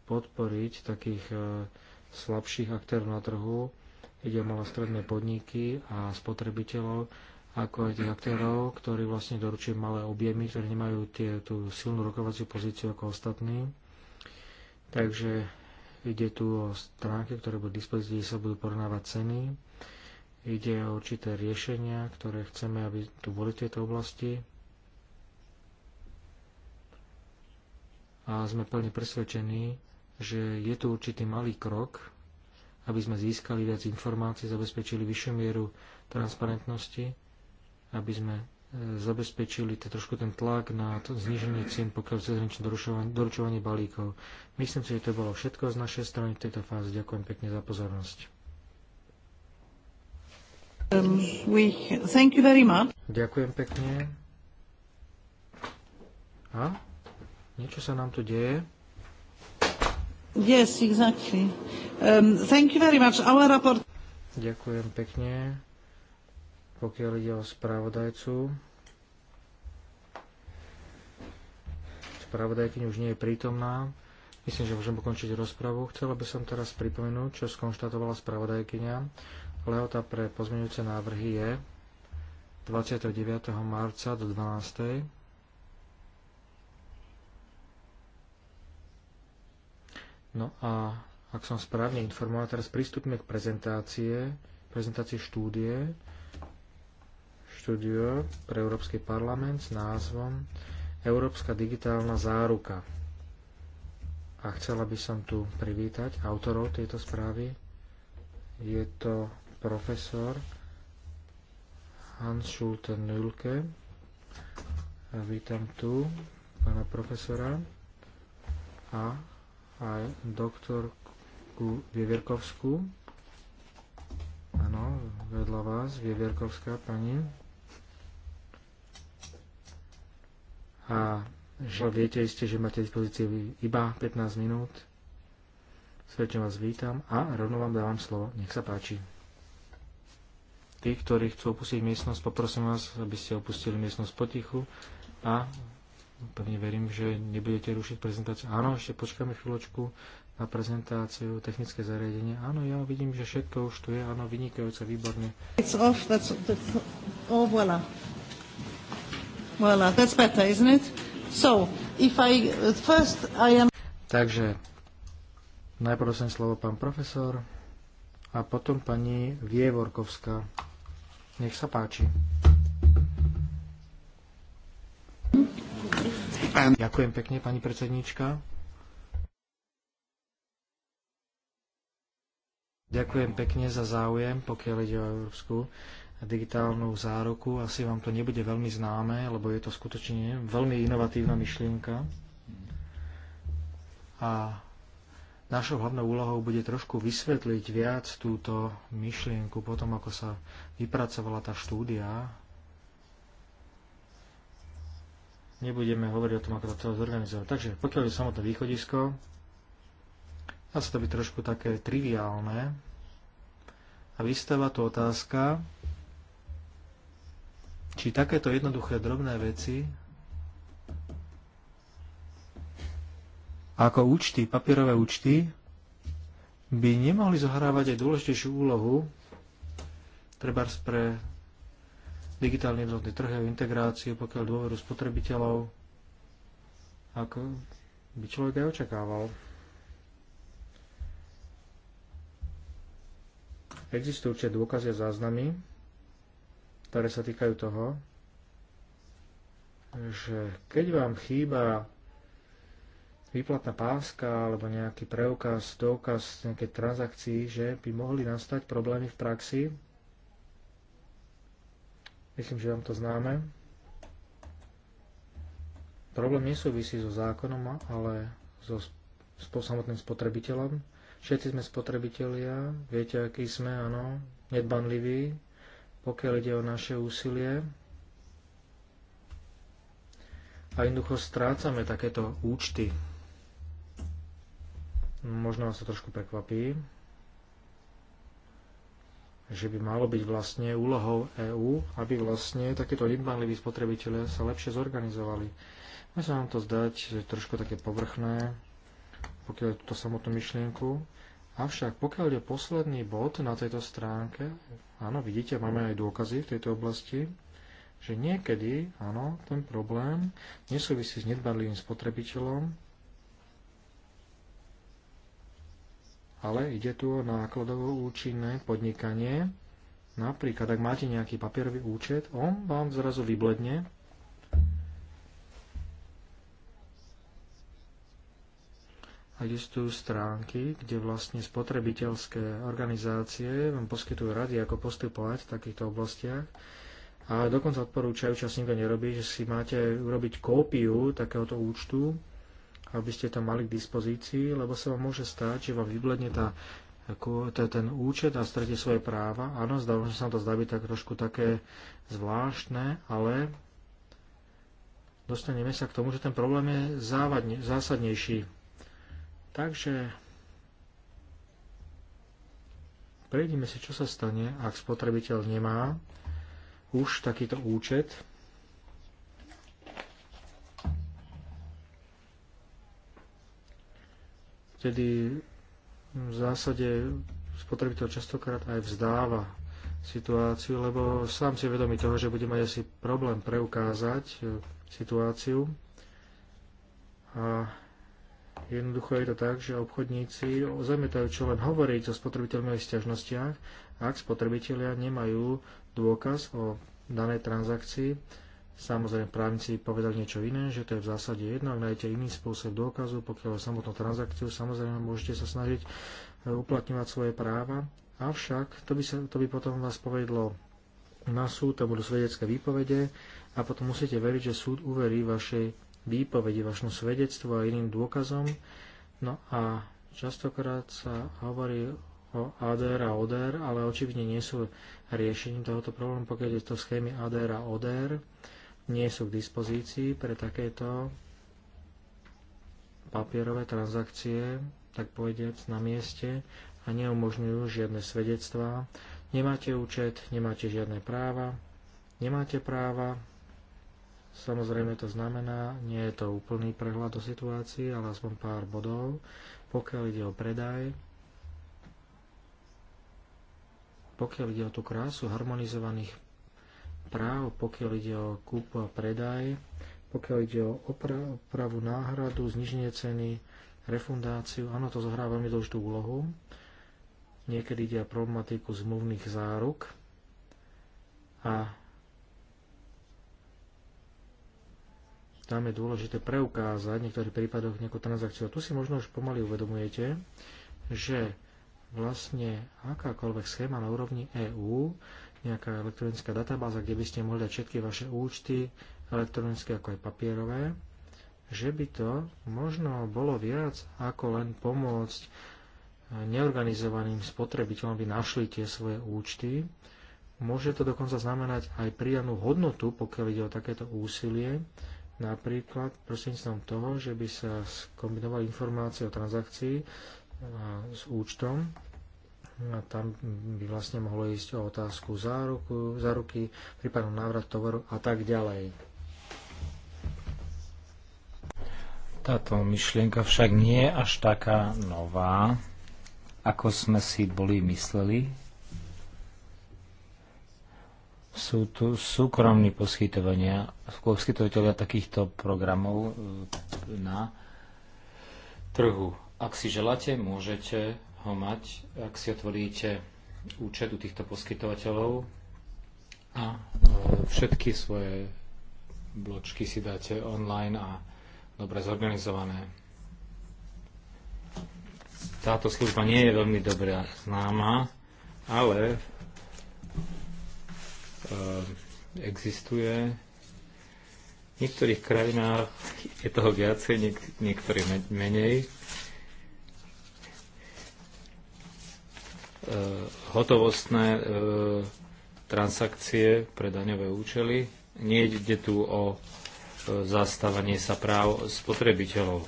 podporiť takých e, slabších aktérov na trhu, ide o malostredné podniky a spotrebiteľov, ako aj tých aktérov, ktorí vlastne doručujú malé objemy, ktorí nemajú tie, tú silnú rokovaciu pozíciu ako ostatní. Takže ide tu o stránky, ktoré budú dispozícii, sa budú porovnávať ceny. Ide o určité riešenia, ktoré chceme, aby tu boli v tejto oblasti. A sme plne presvedčení, že je tu určitý malý krok, aby sme získali viac informácií, zabezpečili vyššiu mieru transparentnosti, aby sme e, zabezpečili to, trošku ten tlak na to zniženie cien, pokiaľ cezhraničné doručovanie, doručovanie balíkov. Myslím si, že to bolo všetko z našej strany v tejto fáze. Ďakujem pekne za pozornosť. Um, we, thank you very much. Ďakujem pekne. A? Niečo sa nám tu deje. Yes, exactly. Um, thank you very much. Our Ďakujem pekne. Pokiaľ ide o spravodajcu, spravodajkyň už nie je prítomná. Myslím, že môžem ukončiť rozpravu. Chcela by som teraz pripomenúť, čo skonštatovala spravodajkyňa. Lehota pre pozmeňujúce návrhy je 29. marca do 12. No a ak som správne informovaná, teraz pristúpime k prezentácie, prezentácii štúdie, štúdio pre Európsky parlament s názvom Európska digitálna záruka. A chcela by som tu privítať autorov tejto správy. Je to profesor Hans Schulte Nülke. A vítam tu pána profesora a aj doktorku Vieverkovskú. Áno, vedľa vás, Vieverkovská pani. A že viete ste, že máte dispozície iba 15 minút. Svetne vás vítam a rovno vám dávam slovo. Nech sa páči. Tí, ktorí chcú opustiť miestnosť, poprosím vás, aby ste opustili miestnosť potichu a Pevne verím, že nebudete rušiť prezentáciu. Áno, ešte počkáme chvíľočku na prezentáciu, technické zariadenie. Áno, ja vidím, že všetko už tu je. Áno, vynikajúce, výborné. It's off, that's, that's, oh, voilà. Voilà, that's better, isn't it? So, if I, first I am... Takže, najprv som slovo pán profesor a potom pani Vievorkovská. Nech sa páči. Ďakujem pekne, pani predsedníčka. Ďakujem pekne za záujem, pokiaľ ide o európsku digitálnu záruku. Asi vám to nebude veľmi známe, lebo je to skutočne veľmi inovatívna myšlienka. A našou hlavnou úlohou bude trošku vysvetliť viac túto myšlienku potom, ako sa vypracovala tá štúdia nebudeme hovoriť o tom, ako to celé zorganizovať. Takže pokiaľ je samotné východisko, dá sa to byť trošku také triviálne a vystáva tu otázka, či takéto jednoduché drobné veci ako účty, papierové účty, by nemohli zohrávať aj dôležitejšiu úlohu treba pre digitálny vzorný trh a integráciu, pokiaľ dôveru spotrebiteľov, ako by človek aj očakával. Existujú určite dôkazy a záznamy, ktoré sa týkajú toho, že keď vám chýba výplatná páska alebo nejaký preukaz, dôkaz nejakej transakcii, že by mohli nastať problémy v praxi, Myslím, že vám to známe. Problém nesúvisí so zákonom, ale so sp- samotným spotrebiteľom. Všetci sme spotrebitelia, viete, akí sme, áno, nedbanliví, pokiaľ ide o naše úsilie. A jednoducho strácame takéto účty. Možno vás to trošku prekvapí, že by malo byť vlastne úlohou EÚ, aby vlastne takéto nedbanliví spotrebitelia sa lepšie zorganizovali. Môže sa nám to zdať, že je trošku také povrchné, pokiaľ je túto samotnú myšlienku. Avšak pokiaľ je posledný bod na tejto stránke, áno, vidíte, máme aj dôkazy v tejto oblasti, že niekedy, áno, ten problém nesúvisí s nedbanlivým spotrebiteľom, ale ide tu o nákladovo účinné podnikanie. Napríklad, ak máte nejaký papierový účet, on vám zrazu vybledne. A existujú stránky, kde vlastne spotrebiteľské organizácie vám poskytujú rady, ako postupovať v takýchto oblastiach. A dokonca odporúčajú, čo s nikto nerobí, že si máte urobiť kópiu takéhoto účtu, aby ste to mali k dispozícii, lebo sa vám môže stať, že vám vybledne tá, ten účet a strete svoje práva. Áno, zdá, že sa to zdá byť tak trošku také zvláštne, ale dostaneme sa k tomu, že ten problém je závadne, zásadnejší. Takže prejdime si, čo sa stane, ak spotrebiteľ nemá už takýto účet kedy v zásade spotrebiteľ častokrát aj vzdáva situáciu, lebo sám si vedomý toho, že bude mať asi problém preukázať e, situáciu. A jednoducho je to tak, že obchodníci zamietajú čo len hovoriť o spotrebiteľmi o stiažnostiach, ak spotrebitelia nemajú dôkaz o danej transakcii, Samozrejme, právnici povedali niečo iné, že to je v zásade jedno, ak nájdete iný spôsob dôkazu, pokiaľ je samotnú transakciu, samozrejme môžete sa snažiť e, uplatňovať svoje práva, avšak to by, sa, to by potom vás povedlo na súd, to budú svedecké výpovede a potom musíte veriť, že súd uverí vašej výpovedi, vašom svedectvu a iným dôkazom. No a častokrát sa hovorí o ADR a ODR, ale očividne nie sú riešením tohoto problému, pokiaľ je to schémy ADR a ODR nie sú k dispozícii pre takéto papierové transakcie, tak povediac na mieste a neumožňujú žiadne svedectvá. Nemáte účet, nemáte žiadne práva, nemáte práva, samozrejme to znamená, nie je to úplný prehľad o situácii, ale aspoň pár bodov, pokiaľ ide o predaj, pokiaľ ide o tú krásu harmonizovaných práv, pokiaľ ide o kúpu a predaj, pokiaľ ide o opravu náhradu, zniženie ceny, refundáciu. Áno, to zohrá veľmi dôležitú úlohu. Niekedy ide o problematiku zmluvných záruk a tam je dôležité preukázať v niektorých prípadoch nejakú transakciu. A tu si možno už pomaly uvedomujete, že vlastne akákoľvek schéma na úrovni EÚ nejaká elektronická databáza, kde by ste mohli dať všetky vaše účty, elektronické ako aj papierové, že by to možno bolo viac ako len pomôcť eh, neorganizovaným spotrebiteľom, aby našli tie svoje účty. Môže to dokonca znamenať aj prijanú hodnotu, pokiaľ ide o takéto úsilie, napríklad prostredníctvom toho, že by sa skombinovali informácie o transakcii eh, s účtom a tam by vlastne mohlo ísť o otázku záruku, záruky, prípadom návrat tovoru a tak ďalej. Táto myšlienka však nie je až taká nová, ako sme si boli mysleli. Sú tu súkromní poskytovania, poskytovateľia takýchto programov eh, na trhu. Ak si želáte, môžete ho mať, ak si otvoríte účet u týchto poskytovateľov a e, všetky svoje bločky si dáte online a dobre zorganizované. Táto služba nie je veľmi dobrá známa, ale e, existuje. V niektorých krajinách je toho viacej, niektorých menej. E, hotovostné e, transakcie pre daňové účely. Nie ide tu o e, zastávanie sa práv spotrebiteľov.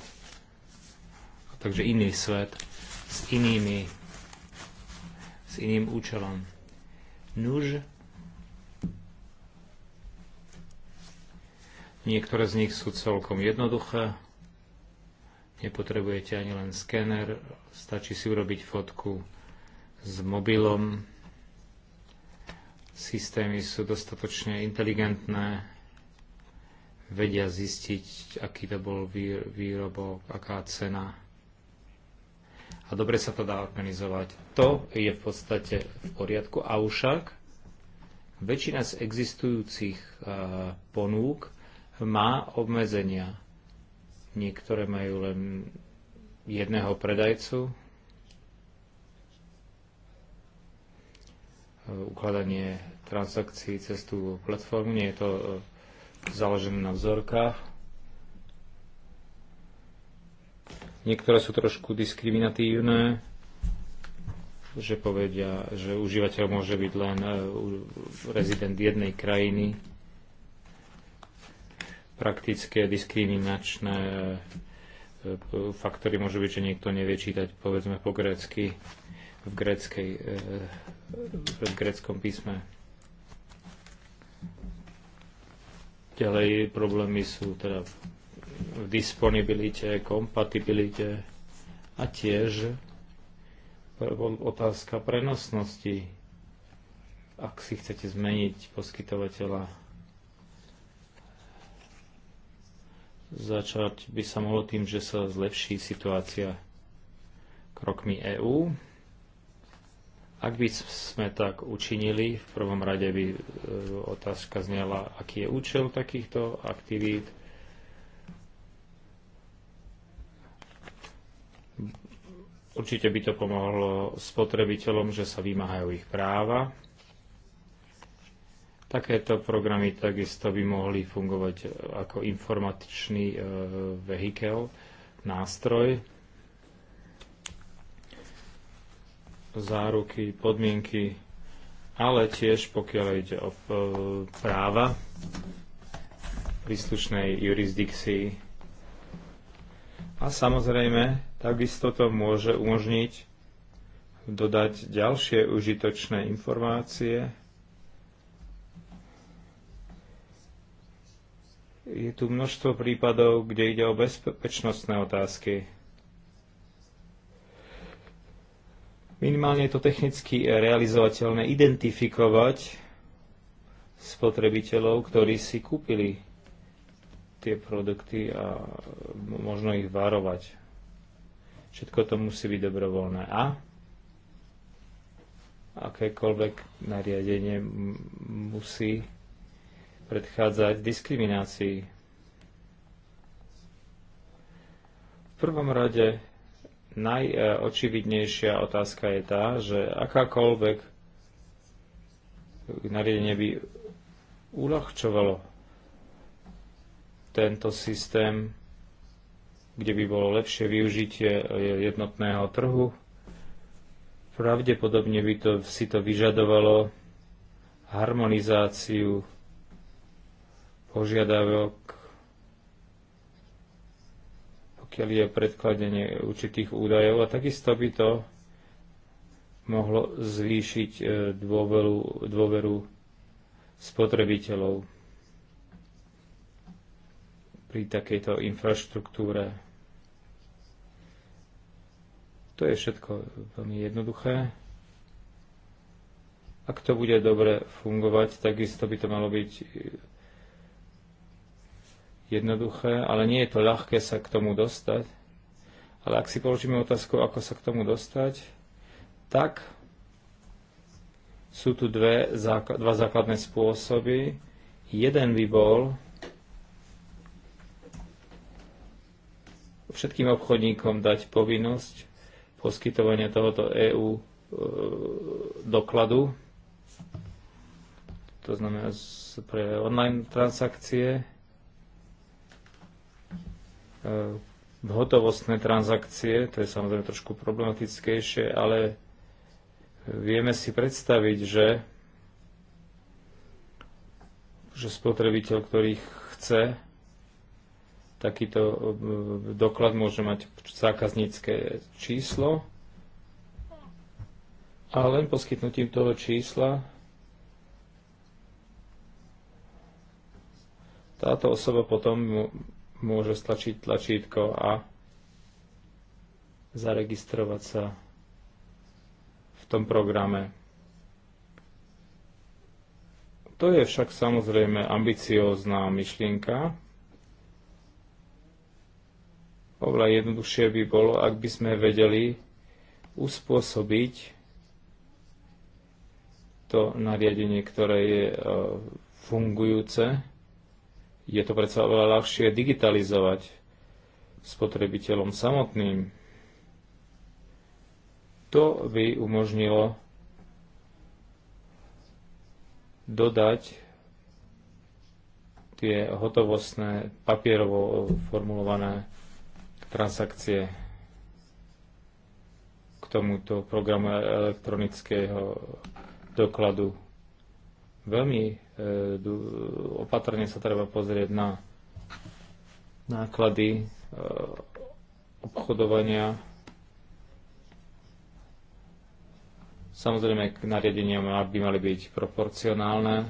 Takže iný svet s inými s iným účelom. Nuž Niektoré z nich sú celkom jednoduché. Nepotrebujete ani len skéner, stačí si urobiť fotku s mobilom. Systémy sú dostatočne inteligentné, vedia zistiť, aký to bol výrobok, aká cena. A dobre sa to dá organizovať. To je v podstate v poriadku. A ušak väčšina z existujúcich e, ponúk má obmedzenia. Niektoré majú len jedného predajcu, ukladanie transakcií cez tú platformu. Nie je to e, založené na vzorkách. Niektoré sú trošku diskriminatívne, že povedia, že užívateľ môže byť len e, rezident jednej krajiny. Praktické diskriminačné e, faktory môžu byť, že niekto nevie čítať povedzme po grécky v gréckej v greckom písme. Ďalej problémy sú teda v disponibilite, kompatibilite a tiež otázka prenosnosti. Ak si chcete zmeniť poskytovateľa, začať by sa mohlo tým, že sa zlepší situácia krokmi EÚ. Ak by sme tak učinili, v prvom rade by e, otázka znela, aký je účel takýchto aktivít. Určite by to pomohlo spotrebiteľom, že sa vymáhajú ich práva. Takéto programy takisto by mohli fungovať ako informačný e, vehikel, nástroj, záruky, podmienky, ale tiež pokiaľ ide o e, práva príslušnej jurisdikcii. A samozrejme, takisto to môže umožniť dodať ďalšie užitočné informácie. Je tu množstvo prípadov, kde ide o bezpečnostné otázky Minimálne je to technicky eh, realizovateľné identifikovať spotrebiteľov, ktorí si kúpili tie produkty a možno ich varovať. Všetko to musí byť dobrovoľné. A akékoľvek nariadenie musí predchádzať diskriminácii. V prvom rade Najočividnejšia otázka je tá, že akákoľvek nariadenie by uľahčovalo tento systém, kde by bolo lepšie využitie jednotného trhu, pravdepodobne by to, si to vyžadovalo harmonizáciu požiadavok pokiaľ je predkladenie určitých údajov a takisto by to mohlo zvýšiť e, dôveru, dôveru spotrebiteľov pri takejto infraštruktúre. To je všetko veľmi jednoduché. Ak to bude dobre fungovať, takisto by to malo byť e, jednoduché, ale nie je to ľahké sa k tomu dostať. Ale ak si položíme otázku, ako sa k tomu dostať, tak sú tu dve, dva základné spôsoby. Jeden by bol všetkým obchodníkom dať povinnosť poskytovania tohoto EU e, dokladu, to znamená pre online transakcie, Eh, hotovostné transakcie, to je samozrejme trošku problematickejšie, ale eh, vieme si predstaviť, že, že spotrebiteľ, ktorý chce takýto eh, doklad, môže mať zákaznícke číslo a len poskytnutím toho čísla táto osoba potom môže stlačiť tlačítko a zaregistrovať sa v tom programe. To je však samozrejme ambiciózna myšlienka. Oveľa jednoduchšie by bolo, ak by sme vedeli uspôsobiť to nariadenie, ktoré je e, fungujúce, je to predsa oveľa ľahšie digitalizovať spotrebiteľom samotným. To by umožnilo dodať tie hotovostné, papierovo formulované transakcie k tomuto programu elektronického dokladu Veľmi e, opatrne sa treba pozrieť na náklady e, obchodovania. Samozrejme, nariadeniam by mali byť proporcionálne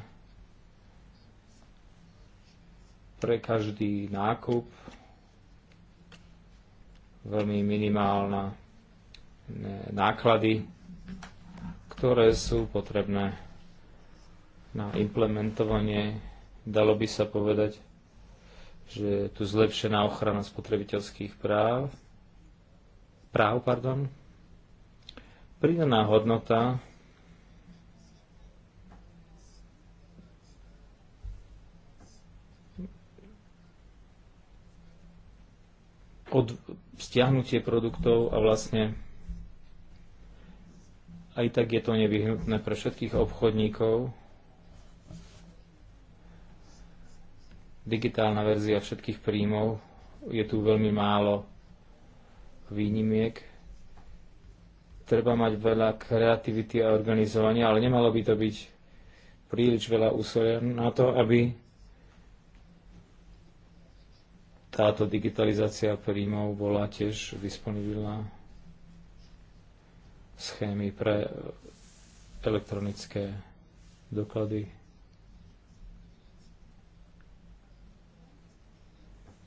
pre každý nákup veľmi minimálne náklady, ktoré sú potrebné na implementovanie, dalo by sa povedať, že je tu zlepšená ochrana spotrebiteľských práv, práv, pardon, pridaná hodnota od stiahnutie produktov a vlastne aj tak je to nevyhnutné pre všetkých obchodníkov, digitálna verzia všetkých príjmov. Je tu veľmi málo výnimiek. Treba mať veľa kreativity a organizovania, ale nemalo by to byť príliš veľa úsilia na to, aby táto digitalizácia príjmov bola tiež disponibilná schémy pre elektronické doklady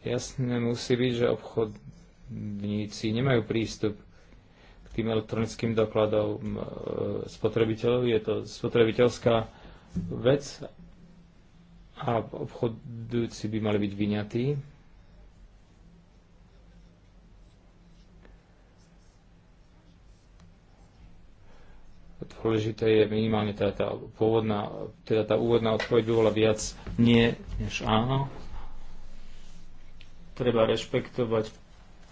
Jasné musí byť, že obchodníci nemajú prístup k tým elektronickým dokladom e, spotrebiteľov. Je to spotrebiteľská vec a obchodujúci by mali byť vyňatí. Dôležité je minimálne teda tá, pôvodná, teda tá úvodná odpoveď by bola viac nie než áno treba rešpektovať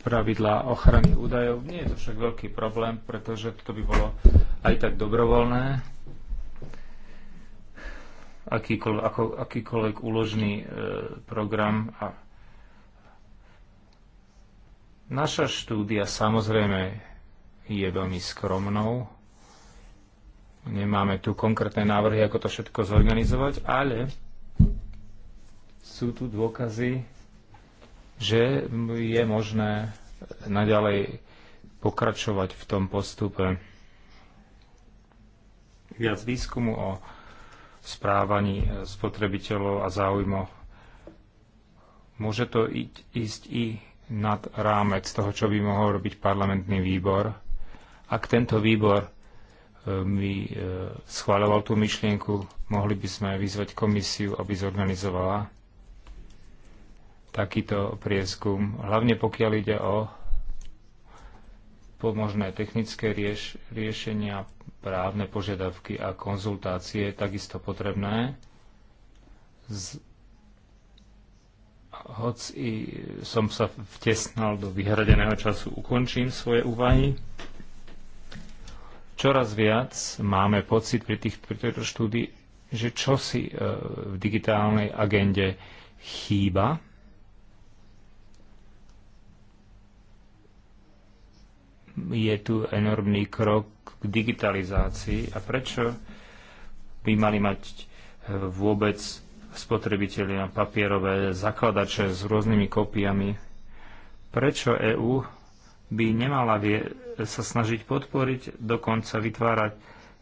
pravidlá ochrany údajov. Nie je to však veľký problém, pretože to by bolo aj tak dobrovoľné. Akýkoľvek, ako, akýkoľvek úložný e, program a naša štúdia samozrejme je veľmi skromnou. Nemáme tu konkrétne návrhy, ako to všetko zorganizovať, ale sú tu dôkazy že je možné naďalej pokračovať v tom postupe. Viac výskumu o správaní spotrebiteľov a záujmoch. Môže to ísť i nad rámec toho, čo by mohol robiť parlamentný výbor. Ak tento výbor e, by e, schváľoval tú myšlienku, mohli by sme vyzvať komisiu, aby zorganizovala takýto prieskum, hlavne pokiaľ ide o pomožné technické rieš, riešenia, právne požiadavky a konzultácie, takisto potrebné. Z, hoci som sa vtesnal do vyhradeného času, ukončím svoje úvahy. Čoraz viac máme pocit pri, tých, pri tejto štúdii, že čo si e, v digitálnej agende chýba. je tu enormný krok k digitalizácii a prečo by mali mať e, vôbec spotrebitelia papierové zakladače s rôznymi kópiami. Prečo EÚ by nemala vie, sa snažiť podporiť, dokonca vytvárať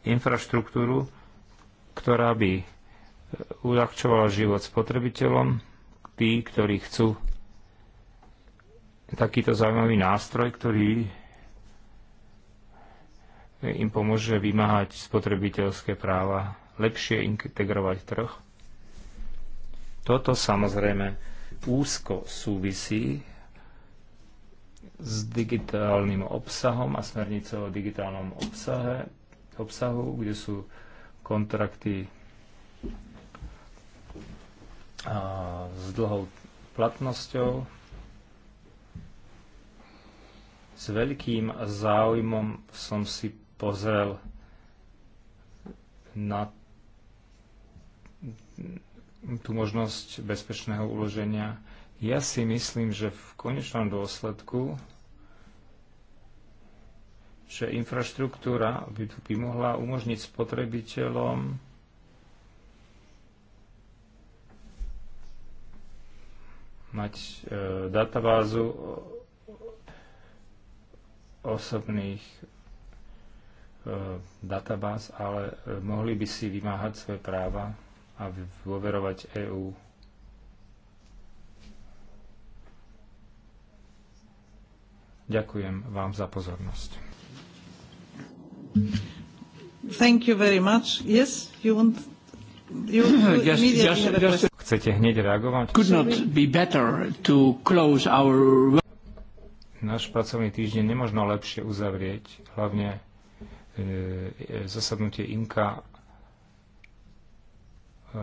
infraštruktúru, ktorá by e, uľahčovala život spotrebiteľom, tí, ktorí chcú takýto zaujímavý nástroj, ktorý im pomôže vymáhať spotrebiteľské práva, lepšie integrovať trh. Toto samozrejme úzko súvisí s digitálnym obsahom a smernicou o digitálnom obsahe, obsahu, kde sú kontrakty a, s dlhou platnosťou, s veľkým záujmom som si pozrel na tú možnosť bezpečného uloženia. Ja si myslím, že v konečnom dôsledku že infraštruktúra by, tu by mohla umožniť spotrebiteľom mať e, databázu osobných Eh, databáz, ale eh, mohli by si vymáhať svoje práva a dôverovať EÚ. Ďakujem vám za pozornosť. Thank you very much. Yes, you want Chcete hneď reagovať? Could not be better to close our... Náš pracovný týždeň nemožno lepšie uzavrieť, hlavne E, zasadnutie INKA e, e,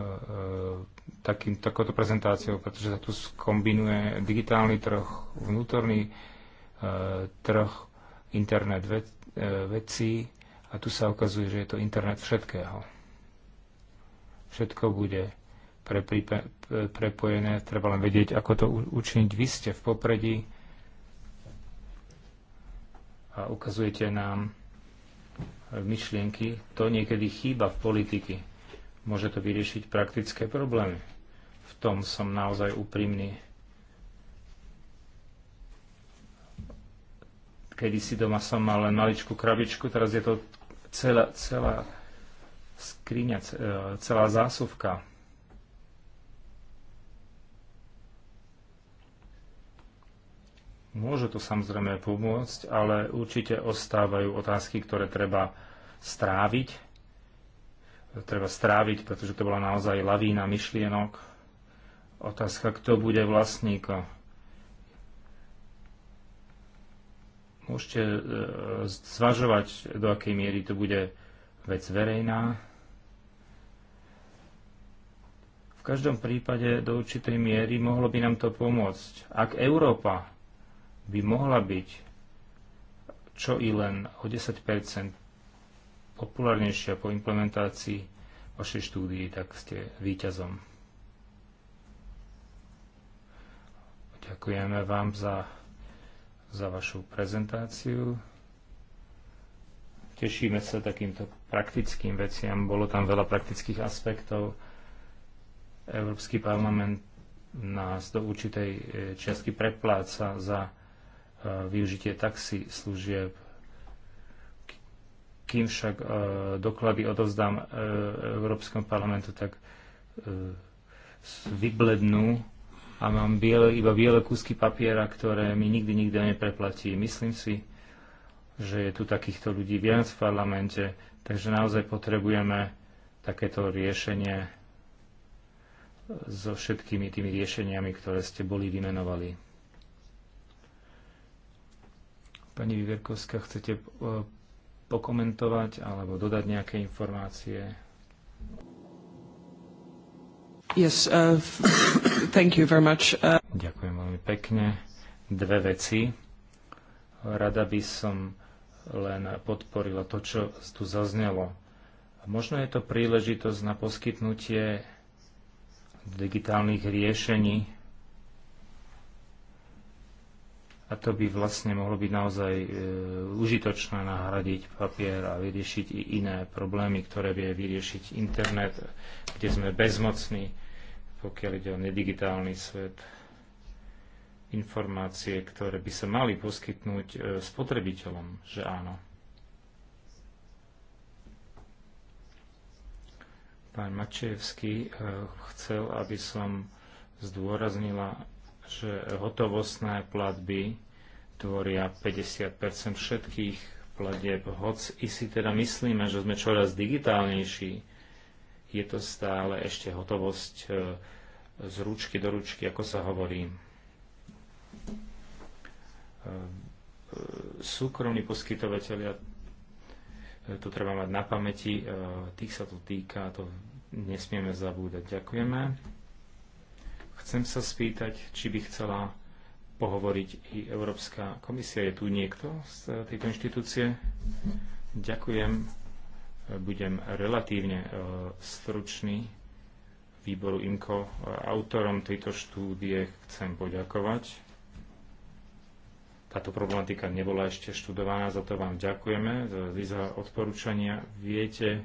takým, takouto prezentáciou, pretože sa tu skombinuje digitálny trh, vnútorný trh, internet vecí a tu sa ukazuje, že je to internet všetkého. Všetko bude pre, pre, prepojené, treba len vedieť, ako to učiniť. Vy ste v popredí a ukazujete nám, myšlienky, to niekedy chýba v politiky. Môže to vyriešiť praktické problémy. V tom som naozaj úprimný. Kedy si doma som mal len maličkú krabičku, teraz je to celá, celá skriňa, e, celá zásuvka. Môže to samozrejme pomôcť, ale určite ostávajú otázky, ktoré treba stráviť. Treba stráviť, pretože to bola naozaj lavína myšlienok. Otázka, kto bude vlastník. Môžete e, zvažovať, do akej miery to bude vec verejná. V každom prípade do určitej miery mohlo by nám to pomôcť. Ak Európa by mohla byť čo i len o 10 populárnejšia po implementácii vašej štúdii, tak ste víťazom. Ďakujeme vám za, za vašu prezentáciu. Tešíme sa takýmto praktickým veciam. Bolo tam veľa praktických aspektov. Európsky parlament nás do určitej eh, čiastky prepláca za využitie taxi služieb. Kým však e, doklady odovzdám e, Európskom parlamentu, tak e, vyblednú a mám biele, iba biele kúsky papiera, ktoré mi nikdy nikto nepreplatí. Myslím si, že je tu takýchto ľudí viac v parlamente, takže naozaj potrebujeme takéto riešenie so všetkými tými riešeniami, ktoré ste boli vymenovali. Pani Vyverkovská, chcete e, pokomentovať alebo dodať nejaké informácie? Yes, uh, thank you very much. Uh... Ďakujem veľmi pekne. Dve veci. Rada by som len podporila to, čo tu zaznelo. Možno je to príležitosť na poskytnutie digitálnych riešení A to by vlastne mohlo byť naozaj e, užitočné nahradiť papier a vyriešiť i iné problémy, ktoré vie vyriešiť internet, kde sme bezmocní, pokiaľ ide o nedigitálny svet. Informácie, ktoré by sa mali poskytnúť e, spotrebiteľom, že áno. Pán Mačejevský e, chcel, aby som zdôraznila že hotovostné platby tvoria 50 všetkých platieb. Hoci si teda myslíme, že sme čoraz digitálnejší, je to stále ešte hotovosť e, z ručky do ručky, ako sa hovorí. E, e, súkromní poskytovateľia, to treba mať na pamäti, tých sa to týka, to nesmieme zabúdať. Ďakujeme. Chcem sa spýtať, či by chcela pohovoriť i Európska komisia. Je tu niekto z tejto inštitúcie? Ďakujem. Budem relatívne e, stručný výboru IMCO. E, autorom tejto štúdie chcem poďakovať. Táto problematika nebola ešte študovaná, za to vám ďakujeme, za, za odporúčania. Viete,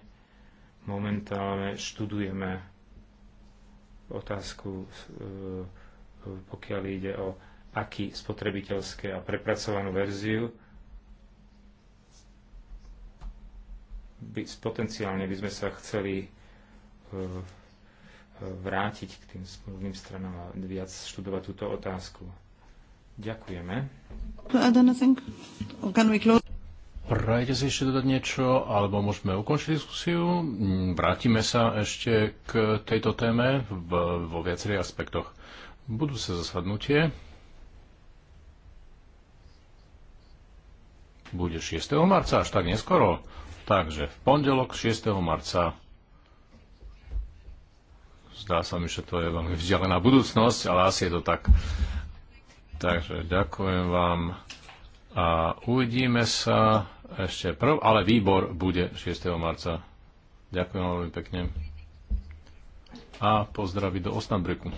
momentálne študujeme otázku, e, pokiaľ ide o aký spotrebiteľské a prepracovanú verziu, by, potenciálne by sme sa chceli e, e, vrátiť k tým smluvným stranám a viac študovať túto otázku. Ďakujeme. Prajete si ešte dodať niečo, alebo môžeme ukončiť diskusiu? Mm, vrátime sa ešte k tejto téme v, vo viacerých aspektoch. Budú sa zasadnutie. Bude 6. marca, až tak neskoro. Takže v pondelok 6. marca. Zdá sa mi, že to je veľmi vzdialená budúcnosť, ale asi je to tak. Takže ďakujem vám. A uvidíme sa ešte prv, ale výbor bude 6. marca. Ďakujem veľmi pekne. A pozdraví do Osnabriku.